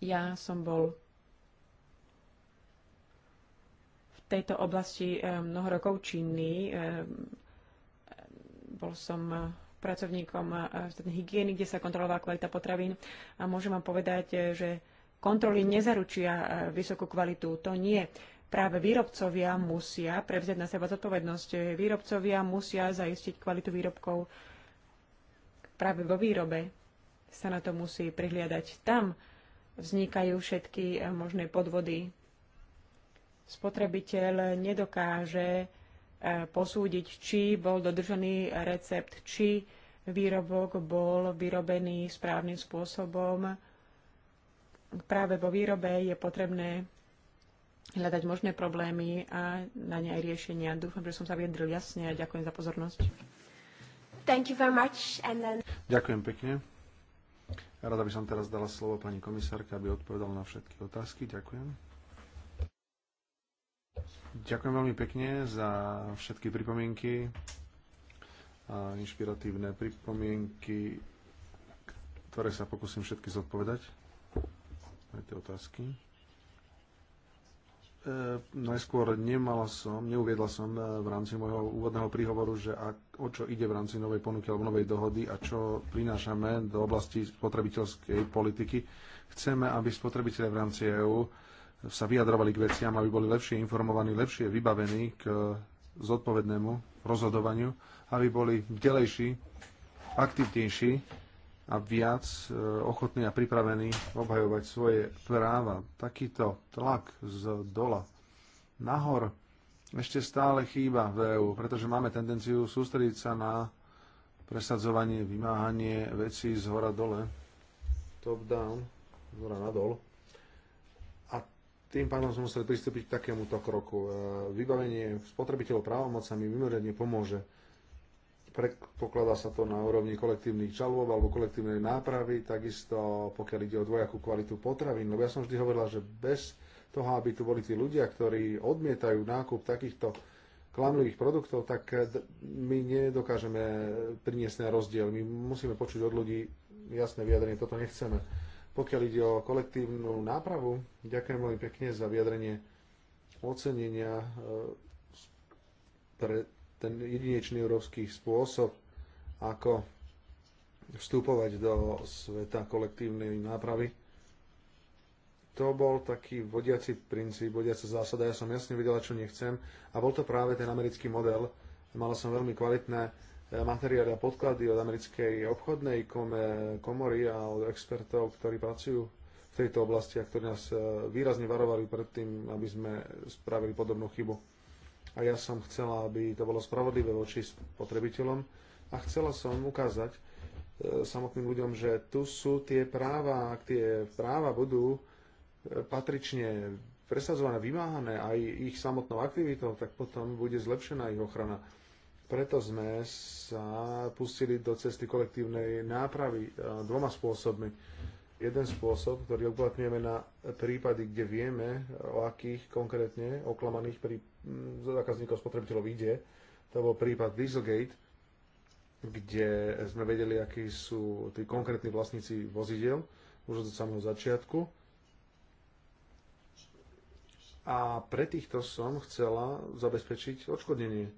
ja som bol v tejto oblasti e, mnoho rokov činný. Bol som pracovníkom e, štátnej hygieny, kde sa kontrolovala kvalita potravín. A môžem vám povedať, e, že kontroly nezaručia e, vysokú kvalitu. To nie. Práve výrobcovia musia prevziať na seba zodpovednosť. Výrobcovia musia zaistiť kvalitu výrobkov. Práve vo výrobe sa na to musí prihliadať. Tam vznikajú všetky možné podvody. Spotrebiteľ nedokáže posúdiť, či bol dodržaný recept, či výrobok bol vyrobený správnym spôsobom. Práve vo výrobe je potrebné hľadať možné problémy a na ne aj riešenia. Dúfam, že som sa vyjadril jasne a ďakujem za pozornosť. Thank you very much and then... Ďakujem pekne. Rada by som teraz dala slovo pani komisárke, aby odpovedala na všetky otázky. Ďakujem. Ďakujem veľmi pekne za všetky pripomienky a inšpiratívne pripomienky, ktoré sa pokúsim všetky zodpovedať. Aj tie otázky. E, najskôr nemala som, neuviedla som e, v rámci môjho úvodného príhovoru, že ak, o čo ide v rámci novej ponuky alebo novej dohody a čo prinášame do oblasti spotrebiteľskej politiky. Chceme, aby spotrebiteľe v rámci EÚ sa vyjadrovali k veciam, aby boli lepšie informovaní, lepšie vybavení k zodpovednému rozhodovaniu, aby boli vdelejší, aktivnejší a viac e, ochotní a pripravení obhajovať svoje práva. Takýto tlak z dola nahor ešte stále chýba v EÚ, pretože máme tendenciu sústrediť sa na presadzovanie, vymáhanie vecí z hora dole, top down, z hora nadol. Tým pádom sme museli pristúpiť k takémuto kroku. E, vybavenie spotrebiteľov právomocami mimoriadne pomôže. Predpokladá sa to na úrovni kolektívnych žalob alebo kolektívnej nápravy, takisto pokiaľ ide o dvojakú kvalitu potravín. Lebo ja som vždy hovorila, že bez toho, aby tu boli tí ľudia, ktorí odmietajú nákup takýchto klamlivých produktov, tak my nedokážeme priniesť na rozdiel. My musíme počuť od ľudí jasné vyjadrenie, toto nechceme pokiaľ ide o kolektívnu nápravu, ďakujem veľmi pekne za vyjadrenie ocenenia e, pre ten jedinečný európsky spôsob, ako vstupovať do sveta kolektívnej nápravy. To bol taký vodiaci princíp, vodiaca zásada. Ja som jasne vedela, čo nechcem. A bol to práve ten americký model. Mala som veľmi kvalitné materiály a podklady od americkej obchodnej komory a od expertov, ktorí pracujú v tejto oblasti a ktorí nás eh, výrazne varovali pred tým, aby sme spravili podobnú chybu. A ja som chcela, aby to bolo spravodlivé voči spotrebiteľom a chcela som ukázať eh, samotným ľuďom, že tu sú tie práva, ak tie práva budú eh, patrične presadzované, vymáhané aj ich samotnou aktivitou, tak potom bude zlepšená ich ochrana preto sme sa pustili do cesty kolektívnej nápravy e, dvoma spôsobmi. Jeden spôsob, ktorý uplatňujeme na prípady, kde vieme, o akých konkrétne oklamaných prí... zákazníkov spotrebiteľov ide. To bol prípad Dieselgate, kde sme vedeli, akí sú tí konkrétni vlastníci vozidel už od samého začiatku. A pre týchto som chcela zabezpečiť odškodnenie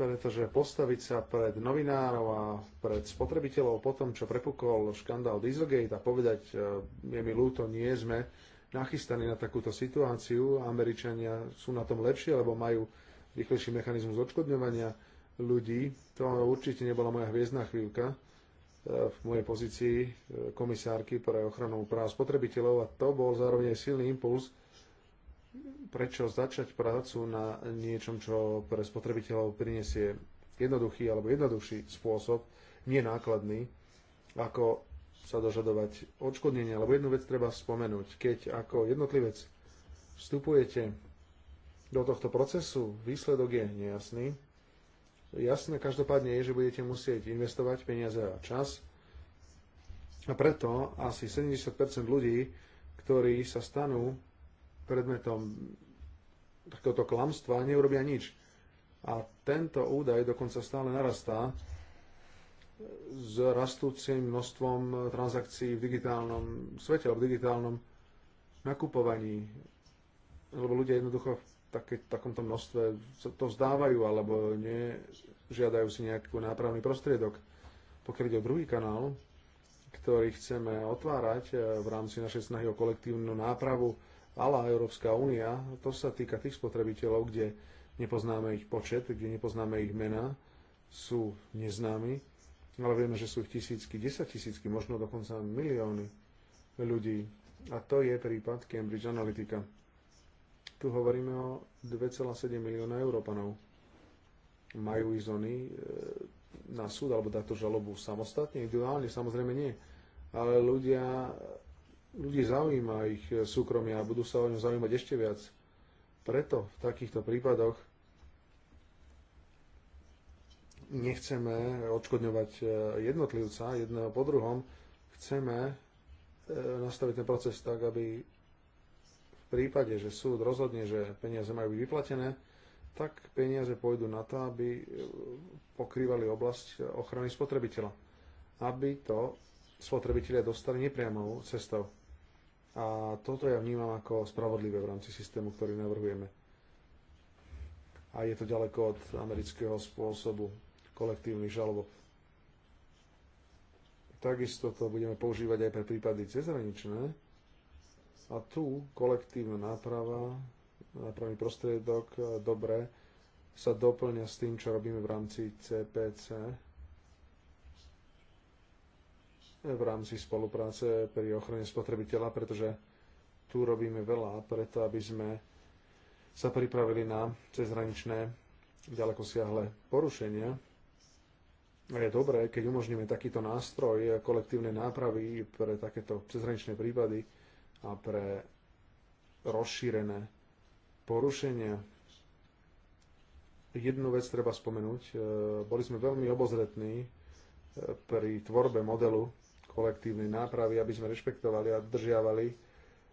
pretože postaviť sa pred novinárov a pred spotrebiteľov po tom, čo prepukol škandál Dieselgate a povedať, e, je mi ľúto, nie sme nachystaní na takúto situáciu, Američania sú na tom lepšie, lebo majú rýchlejší mechanizmus odškodňovania ľudí. To určite nebola moja hviezdna chvíľka e, v mojej pozícii e, komisárky pre ochranu práv spotrebiteľov a to bol zároveň aj silný impuls prečo začať prácu na niečom, čo pre spotrebiteľov prinesie jednoduchý alebo jednoduchší spôsob, nenákladný, ako sa dožadovať odškodnenia. Lebo jednu vec treba spomenúť. Keď ako jednotlivec vstupujete do tohto procesu, výsledok je nejasný. Jasné každopádne je, že budete musieť investovať peniaze a čas. A preto asi 70% ľudí, ktorí sa stanú predmetom takéhoto klamstva, neurobia nič. A tento údaj dokonca stále narastá s rastúcim množstvom transakcií v digitálnom svete alebo v digitálnom nakupovaní. Lebo ľudia jednoducho v také, takomto množstve to vzdávajú alebo nežiadajú si nejaký nápravný prostriedok. Pokiaľ ide o druhý kanál, ktorý chceme otvárať eh, v rámci našej snahy o kolektívnu nápravu, malá Európska únia, to sa týka tých spotrebiteľov, kde nepoznáme ich počet, kde nepoznáme ich mená, sú neznámi, ale vieme, že sú ich tisícky, desať tisícky, možno dokonca milióny ľudí. A to je prípad Cambridge Analytica. Tu hovoríme o 2,7 milióna Európanov. Majú ich zóny e, na súd alebo dať tú žalobu samostatne, individuálne? Samozrejme nie. Ale ľudia ľudí zaujíma ich eh, súkromie a budú sa o ňu zaujímať ešte viac. Preto v takýchto prípadoch nechceme odškodňovať eh, jednotlivca jedného po druhom, chceme eh, nastaviť ten proces tak, aby v prípade, že súd rozhodne, že peniaze majú byť vyplatené, tak peniaze pôjdu na to, aby pokrývali oblasť ochrany spotrebiteľa. Aby to spotrebitelia dostali nepriamou cestou. A toto ja vnímam ako spravodlivé v rámci systému, ktorý navrhujeme. A je to ďaleko od amerického spôsobu kolektívnych žalob. Takisto to budeme používať aj pre prípady cezhraničné. A tu kolektívna náprava, nápravný prostriedok, dobre, sa doplňa s tým, čo robíme v rámci CPC, v rámci spolupráce pri ochrane spotrebiteľa, pretože tu robíme veľa preto, aby sme sa pripravili na cezhraničné siahle porušenia. A je dobré, keď umožníme takýto nástroj kolektívnej nápravy pre takéto cezhraničné prípady a pre rozšírené porušenia. Jednu vec treba spomenúť. E, boli sme veľmi obozretní e, pri tvorbe modelu kolektívnej nápravy, aby sme rešpektovali a držiavali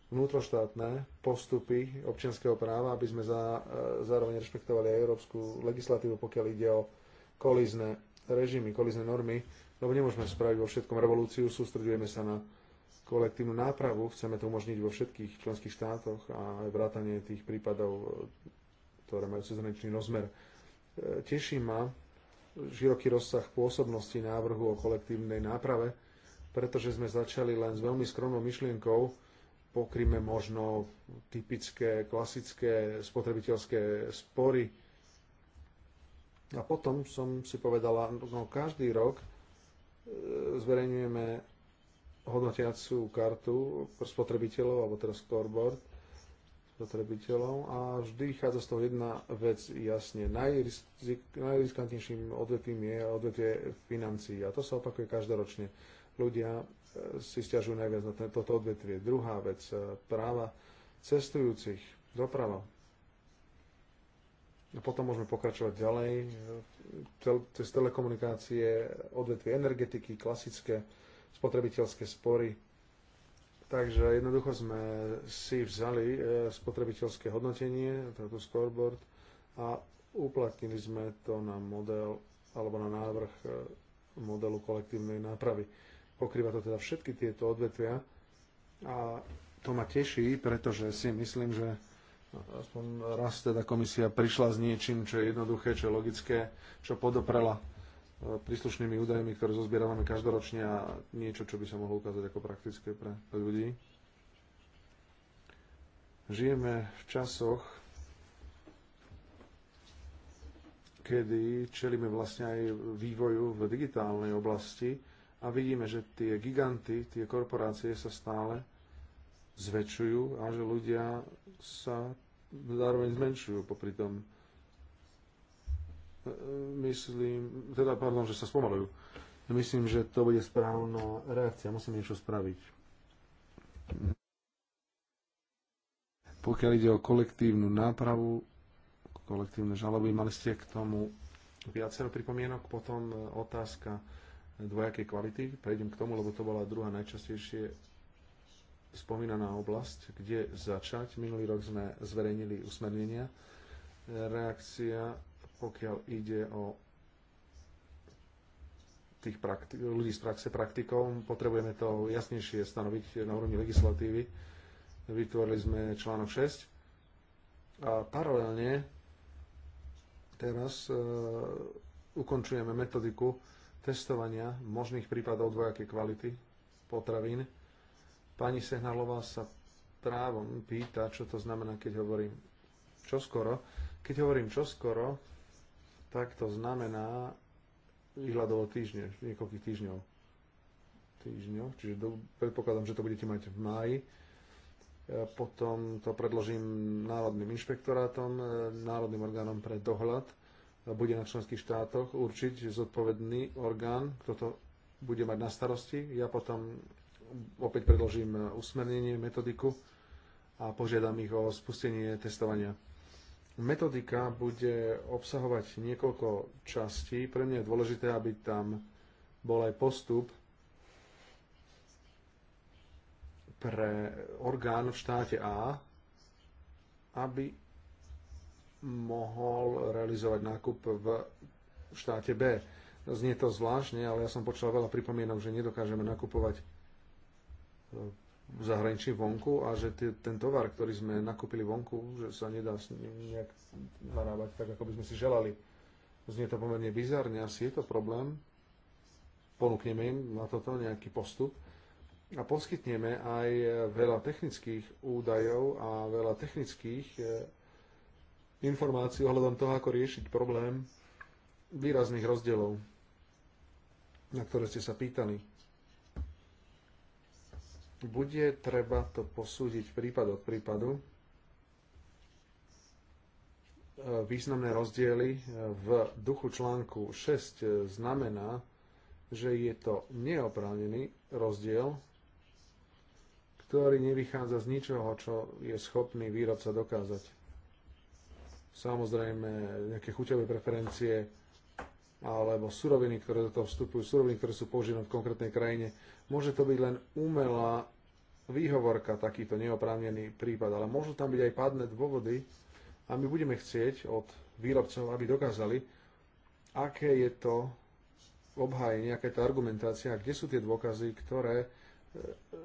vnútroštátne postupy občianského práva, aby sme za, e, zároveň rešpektovali aj európsku legislatívu, pokiaľ ide o kolizné režimy, kolizné normy, lebo nemôžeme spraviť vo všetkom revolúciu, sústredujeme sa na kolektívnu nápravu, chceme to umožniť vo všetkých členských štátoch a aj vrátanie tých prípadov, e, ktoré majú cezhraničný rozmer. E, teší ma široký rozsah pôsobnosti návrhu o kolektívnej náprave, pretože sme začali len s veľmi skromnou myšlienkou, pokryme možno typické, klasické spotrebiteľské spory. A potom som si povedala, no každý rok e, zverejňujeme hodnotiacú kartu pre spotrebiteľov, alebo teda scoreboard spotrebiteľov a vždy vychádza z toho jedna vec jasne. Najriskantnejším odvetvím je odvetvie financií a to sa opakuje každoročne ľudia e, si stiažujú najviac na toto odvetvie. Druhá vec, e, práva cestujúcich, doprava. Potom môžeme pokračovať ďalej e, cez telekomunikácie, odvetvie energetiky, klasické spotrebiteľské spory. Takže jednoducho sme si vzali spotrebiteľské hodnotenie, tento scoreboard, a uplatnili sme to na model alebo na návrh modelu kolektívnej nápravy Pokrýva to teda všetky tieto odvetvia a to ma teší, pretože si myslím, že aspoň raz teda komisia prišla s niečím, čo je jednoduché, čo je logické, čo podoprela e, príslušnými údajmi, ktoré zozbierávame každoročne a niečo, čo by sa mohlo ukázať ako praktické pre, pre ľudí. Žijeme v časoch, kedy čelíme vlastne aj vývoju v digitálnej oblasti, a vidíme, že tie giganty, tie korporácie sa stále zväčšujú a že ľudia sa zároveň zmenšujú popri tom e, myslím, teda pardon, že sa spomalujú. Myslím, že to bude správna reakcia, musím niečo spraviť. Pokiaľ ide o kolektívnu nápravu, kolektívne žaloby, mali ste k tomu viacero pripomienok, potom e, otázka dvojakej kvality. Prejdem k tomu, lebo to bola druhá najčastejšie spomínaná oblasť, kde začať. Minulý rok sme zverejnili usmernenia. Reakcia, pokiaľ ide o tých prakti- ľudí z praxe praktikov, potrebujeme to jasnejšie stanoviť na úrovni legislatívy. Vytvorili sme článok 6 a paralelne teraz e, ukončujeme metodiku testovania možných prípadov dvojakej kvality potravín. Pani Sehnalová sa právom pýta, čo to znamená, keď hovorím čoskoro. Keď hovorím čoskoro, tak to znamená výhľadovo týždne, niekoľkých týždňov. Týždňov, čiže do, predpokladám, že to budete mať v máji. Potom to predložím Národným inšpektorátom, e, Národným orgánom pre dohľad bude na členských štátoch určiť zodpovedný orgán, kto to bude mať na starosti. Ja potom opäť predložím usmernenie, metodiku a požiadam ich o spustenie testovania. Metodika bude obsahovať niekoľko častí. Pre mňa je dôležité, aby tam bol aj postup pre orgán v štáte A, aby mohol realizovať nákup v štáte B. Znie to zvláštne, ale ja som počul veľa pripomienok, že nedokážeme nakupovať e, v zahraničí vonku a že ten tovar, ktorý sme nakúpili vonku, že sa nedá s ním nejak narábať tak, ako by sme si želali. Znie to pomerne bizarne, asi je to problém. Ponúkneme im na toto nejaký postup a poskytneme aj veľa technických údajov a veľa technických e, informáciu ohľadom toho, ako riešiť problém výrazných rozdielov, na ktoré ste sa pýtali. Bude treba to posúdiť prípad od prípadu. Významné rozdiely v duchu článku 6 znamená, že je to neoprávnený rozdiel, ktorý nevychádza z ničoho, čo je schopný výrobca dokázať samozrejme nejaké chuťové preferencie alebo suroviny, ktoré do toho vstupujú, suroviny, ktoré sú používané v konkrétnej krajine. Môže to byť len umelá výhovorka, takýto neoprávnený prípad, ale môžu tam byť aj pádne dôvody a my budeme chcieť od výrobcov, aby dokázali, aké je to obhájenie, aká je tá argumentácia, kde sú tie dôkazy, ktoré e,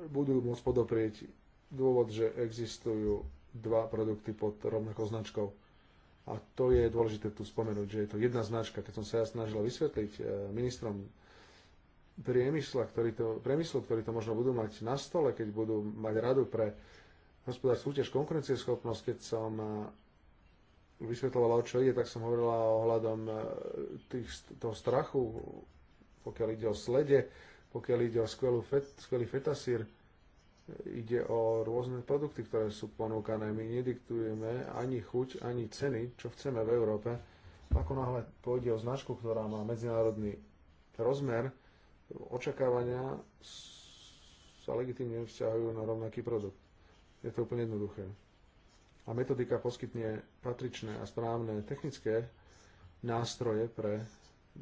budú môcť podoprieť dôvod, že existujú dva produkty pod rovnakou značkou. A to je dôležité tu spomenúť, že je to jedna značka. Keď som sa ja snažil vysvetliť e, ministrom priemysla, ktorý to, priemyslu, ktorí to možno budú mať na stole, keď budú mať radu pre hospodárskú súťaž, konkurencieschopnosť, keď som e, vysvetľovala, o čo ide, tak som hovorila ohľadom e, tých, toho strachu, pokiaľ ide o slede, pokiaľ ide o skvelú fet, skvelý fetasír, ide o rôzne produkty, ktoré sú ponúkané. My nediktujeme ani chuť, ani ceny, čo chceme v Európe. Ako náhle pôjde o značku, ktorá má medzinárodný rozmer, očakávania sa legitimne vzťahujú na rovnaký produkt. Je to úplne jednoduché. A metodika poskytne patričné a správne technické nástroje pre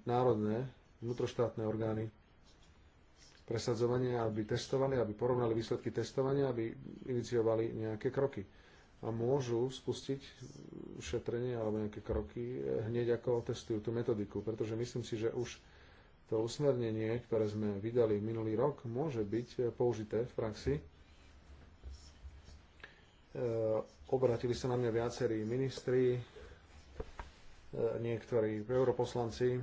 národné vnútroštátne orgány presadzovanie, aby testovali, aby porovnali výsledky testovania, aby iniciovali nejaké kroky. A môžu spustiť šetrenie alebo nejaké kroky eh, hneď ako testujú tú metodiku, pretože myslím si, že už to usmernenie, ktoré sme vydali minulý rok, môže byť eh, použité v praxi. Eh, obratili sa na mňa viacerí ministri, niektorí europoslanci,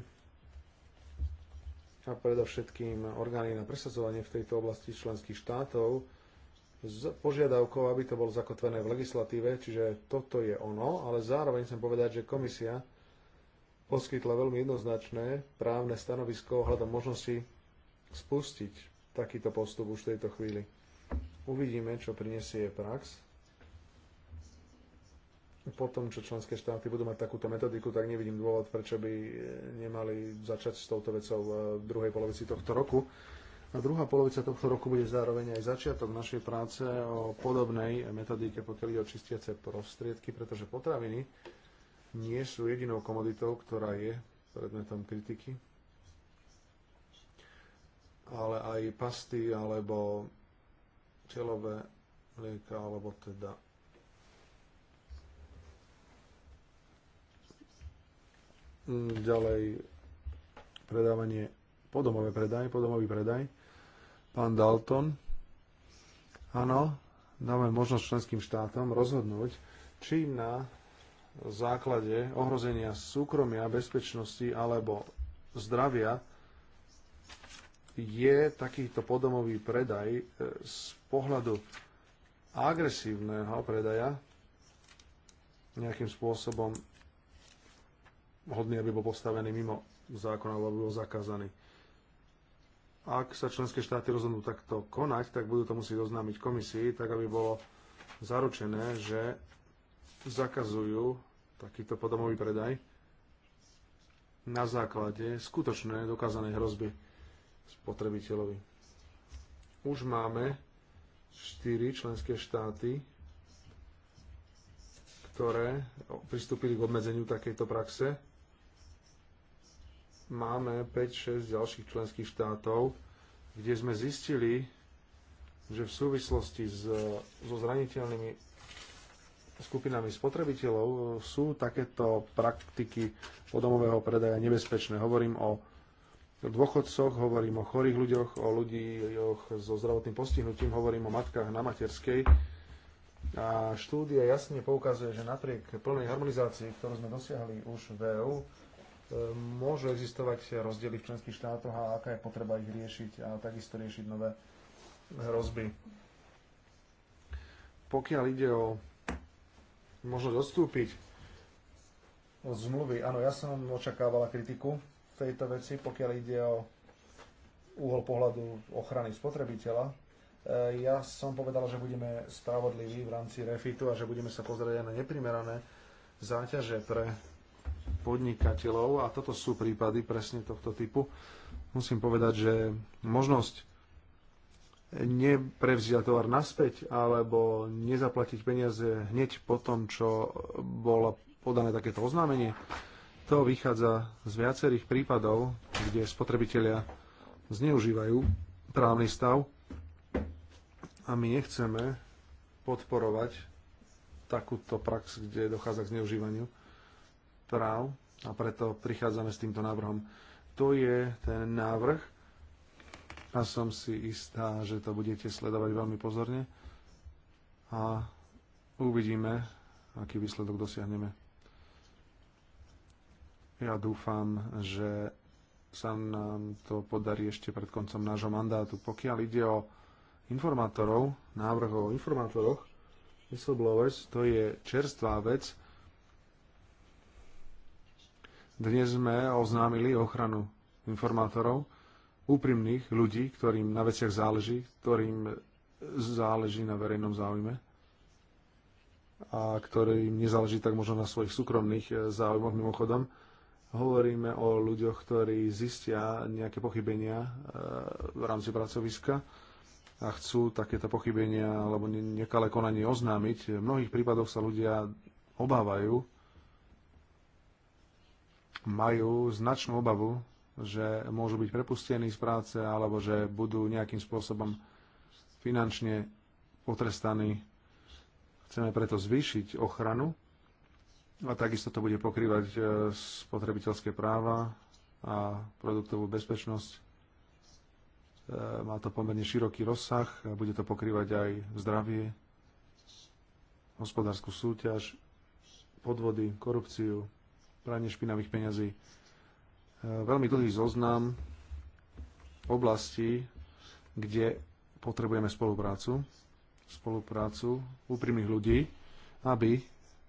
a predovšetkým orgány na presadzovanie v tejto oblasti členských štátov s požiadavkou, aby to bolo zakotvené v legislatíve, čiže toto je ono, ale zároveň chcem povedať, že komisia poskytla veľmi jednoznačné právne stanovisko ohľadom možnosti spustiť takýto postup už v tejto chvíli. Uvidíme, čo prinesie prax po tom, čo členské štáty budú mať takúto metodiku, tak nevidím dôvod, prečo by e, nemali začať s touto vecou e, v druhej polovici tohto roku. A druhá polovica tohto roku bude zároveň aj začiatok našej práce o podobnej metodike, pokiaľ ide o čistiace prostriedky, pretože potraviny nie sú jedinou komoditou, ktorá je predmetom kritiky, ale aj pasty alebo telové mlieka, alebo teda Ďalej predávanie, podomové predaj, podomový predaj. Pán Dalton. Áno, dáme možnosť členským štátom rozhodnúť, či na základe ohrozenia súkromia, bezpečnosti alebo zdravia je takýto podomový predaj e, z pohľadu agresívneho predaja nejakým spôsobom hodný, aby bol postavený mimo zákona alebo aby bol zakázaný. Ak sa členské štáty rozhodnú takto konať, tak budú to musieť oznámiť komisii, tak aby bolo zaručené, že zakazujú takýto podomový predaj na základe skutočné dokázanej hrozby spotrebiteľovi. Už máme 4 členské štáty, ktoré pristúpili k obmedzeniu takejto praxe máme 5-6 ďalších členských štátov, kde sme zistili, že v súvislosti s, so zraniteľnými skupinami spotrebiteľov sú takéto praktiky podomového predaja nebezpečné. Hovorím o dôchodcoch, hovorím o chorých ľuďoch, o ľuďoch so zdravotným postihnutím, hovorím o matkách na materskej. A štúdia jasne poukazuje, že napriek plnej harmonizácii, ktorú sme dosiahli už v EU, E, môžu existovať rozdiely v členských štátoch a aká je potreba ich riešiť a takisto riešiť nové hrozby. Pokiaľ ide o možno dostúpiť od zmluvy, áno, ja som očakávala kritiku v tejto veci, pokiaľ ide o úhol pohľadu ochrany spotrebiteľa. E, ja som povedal, že budeme spravodliví v rámci refitu a že budeme sa pozrieť aj na neprimerané záťaže pre podnikateľov a toto sú prípady presne tohto typu. Musím povedať, že možnosť neprevziať tovar naspäť alebo nezaplatiť peniaze hneď po tom, čo bolo podané takéto oznámenie, to vychádza z viacerých prípadov, kde spotrebitelia zneužívajú právny stav a my nechceme podporovať takúto prax, kde dochádza k zneužívaniu práv a preto prichádzame s týmto návrhom. To je ten návrh a som si istá, že to budete sledovať veľmi pozorne a uvidíme, aký výsledok dosiahneme. Ja dúfam, že sa nám to podarí ešte pred koncom nášho mandátu. Pokiaľ ide o informátorov, návrh o informátoroch, whistleblowers, to je čerstvá vec, dnes sme oznámili ochranu informátorov, úprimných ľudí, ktorým na veciach záleží, ktorým záleží na verejnom záujme a ktorým nezáleží tak možno na svojich súkromných eh, záujmoch mimochodom. Hovoríme o ľuďoch, ktorí zistia nejaké pochybenia eh, v rámci pracoviska a chcú takéto pochybenia alebo nekalé konanie oznámiť. V mnohých prípadoch sa ľudia obávajú majú značnú obavu, že môžu byť prepustení z práce alebo že budú nejakým spôsobom finančne potrestaní. Chceme preto zvýšiť ochranu a takisto to bude pokrývať e, spotrebiteľské práva a produktovú bezpečnosť. E, má to pomerne široký rozsah, a bude to pokrývať aj zdravie, hospodárskú súťaž, podvody, korupciu, pranie špinavých peňazí. E, veľmi dlhý zoznam oblastí, kde potrebujeme spoluprácu, spoluprácu úprimných ľudí, aby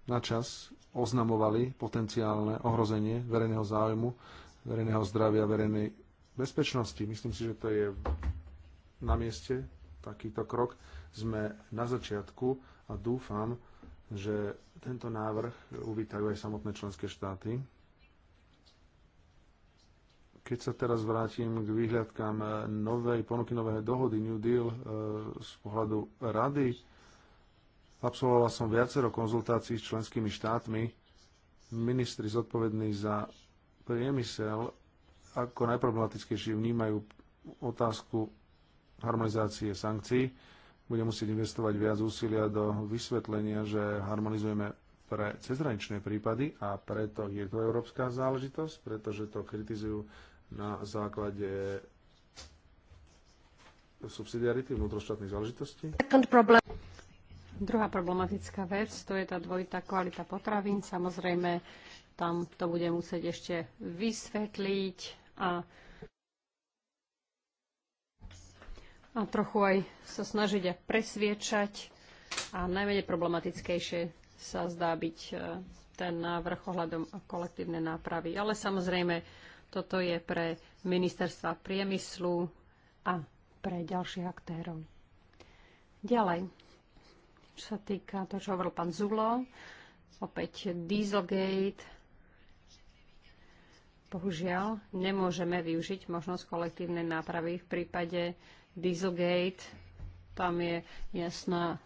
na čas oznamovali potenciálne ohrozenie verejného záujmu, verejného zdravia, verejnej bezpečnosti. Myslím si, že to je na mieste takýto krok. Sme na začiatku a dúfam, že tento návrh uvítajú aj samotné členské štáty. Keď sa teraz vrátim k výhľadkám novej ponuky novej dohody New Deal e, z pohľadu rady, absolvovala som viacero konzultácií s členskými štátmi. Ministri zodpovední za priemysel ako najproblematickejšie vnímajú otázku harmonizácie sankcií bude musieť investovať viac úsilia do vysvetlenia, že harmonizujeme pre cezhraničné prípady a preto je to európska záležitosť, pretože to kritizujú na základe subsidiarity vnútroštátnych záležitostí. Druhá problematická vec, to je tá dvojitá kvalita potravín. Samozrejme, tam to bude musieť ešte vysvetliť a a trochu aj sa snažiť a presviečať. A najmenej problematickejšie sa zdá byť e, ten návrh ohľadom kolektívnej nápravy. Ale samozrejme, toto je pre ministerstva priemyslu a pre ďalších aktérov. Ďalej, čo sa týka to, čo hovoril pán Zulo, opäť Dieselgate. Bohužiaľ, nemôžeme využiť možnosť kolektívnej nápravy v prípade Dieselgate, tam je jasná e,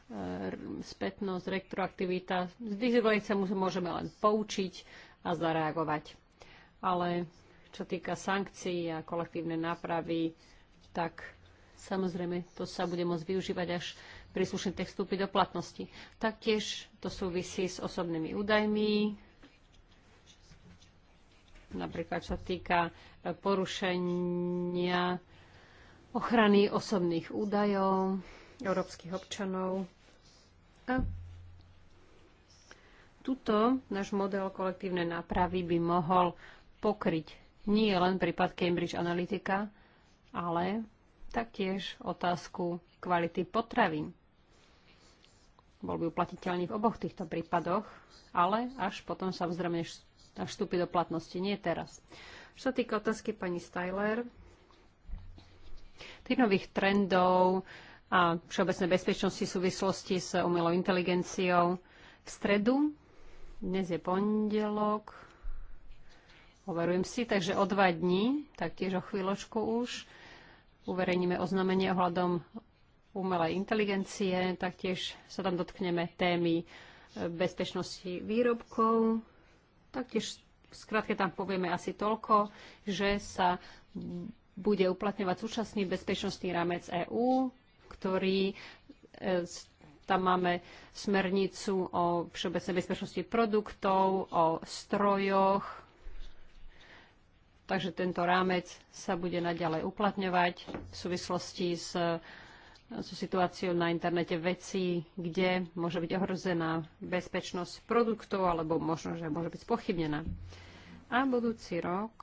spätnosť, retroaktivita. Z Dieselgate sa môžeme len poučiť a zareagovať. Ale čo týka sankcií a kolektívnej nápravy, tak samozrejme to sa bude môcť využívať až príslušný text vstúpi do platnosti. Taktiež to súvisí s osobnými údajmi, napríklad čo týka e, porušenia ochrany osobných údajov európskych občanov. A tuto náš model kolektívnej nápravy by mohol pokryť nie len prípad Cambridge Analytica, ale taktiež otázku kvality potravín. Bol by uplatiteľný v oboch týchto prípadoch, ale až potom sa vzrejme až vstúpi do platnosti, nie teraz. Čo sa týka otázky pani Styler, tých nových trendov a všeobecnej bezpečnosti v súvislosti s umelou inteligenciou. V stredu, dnes je pondelok, overujem si, takže o dva dní, taktiež o chvíľočku už, uverejníme oznámenie ohľadom umelej inteligencie, taktiež sa tam dotkneme témy e, bezpečnosti výrobkov. Taktiež v tam povieme asi toľko, že sa bude uplatňovať súčasný bezpečnostný rámec EÚ, ktorý e, tam máme smernicu o všeobecnej bezpečnosti produktov, o strojoch. Takže tento rámec sa bude naďalej uplatňovať v súvislosti s s situáciou na internete vecí, kde môže byť ohrozená bezpečnosť produktov alebo možno, že môže byť spochybnená. A budúci rok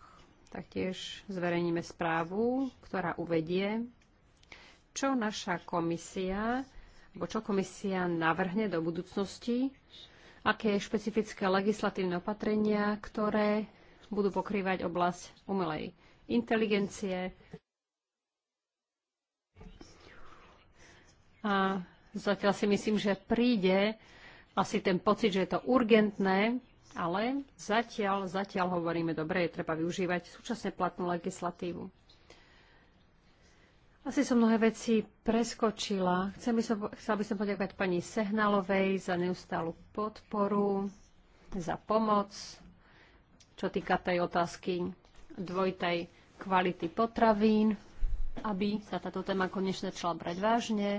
Taktiež zverejníme správu, ktorá uvedie, čo naša komisia, alebo čo komisia navrhne do budúcnosti, aké špecifické legislatívne opatrenia, ktoré budú pokrývať oblasť umelej inteligencie a zatiaľ si myslím, že príde asi ten pocit, že je to urgentné ale zatiaľ, zatiaľ hovoríme, dobre, je treba využívať súčasne platnú legislatívu. Asi som mnohé veci preskočila. Chcem by som, chcela by som poďakovať pani Sehnalovej za neustálu podporu, za pomoc, čo týka tej otázky dvojtej kvality potravín, aby sa táto téma konečne začala brať vážne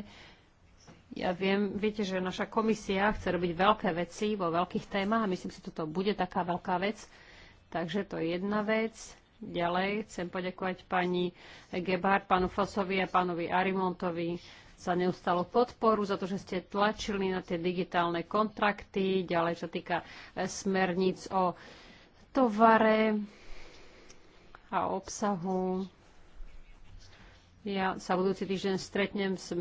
ja viem, viete, že naša komisia chce robiť veľké veci vo veľkých témach a myslím si, že toto bude taká veľká vec. Takže to je jedna vec. Ďalej chcem poďakovať pani Gebhardt, pánu Fosovi a pánovi Arimontovi za neustalú podporu, za to, že ste tlačili na tie digitálne kontrakty, ďalej čo týka e, smerníc o tovare a obsahu. Ja sa budúci týždeň stretnem s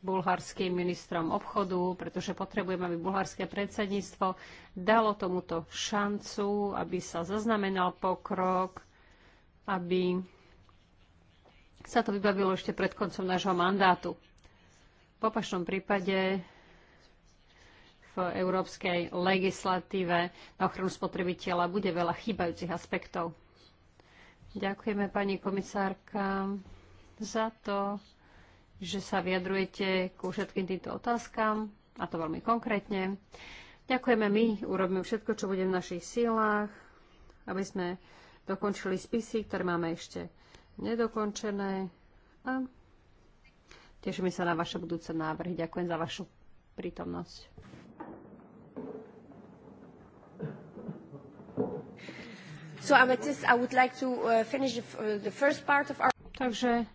bulharským ministrom obchodu, pretože potrebujeme, aby bulharské predsedníctvo dalo tomuto šancu, aby sa zaznamenal pokrok, aby sa to vybavilo ešte pred koncom nášho mandátu. V opačnom prípade v európskej legislatíve na ochranu spotrebiteľa bude veľa chýbajúcich aspektov. Ďakujeme pani komisárka za to, že sa vyjadrujete ku všetkým týmto otázkam, a to veľmi konkrétne. Ďakujeme my, urobíme všetko, čo bude v našich silách, aby sme dokončili spisy, ktoré máme ešte nedokončené. A tešíme sa na vaše budúce návrhy. Ďakujem za vašu prítomnosť. So, Amethyst, I would like to uh, finish the first part of our... Takže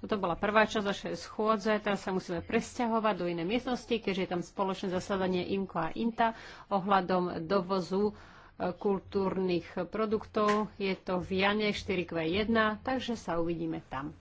toto bola prvá časť našej schôdze, teraz sa musíme presťahovať do inej miestnosti, keďže je tam spoločné zasadanie IMKO a INTA ohľadom dovozu e, kultúrnych produktov. Je to v Jane 4Q1, takže sa uvidíme tam.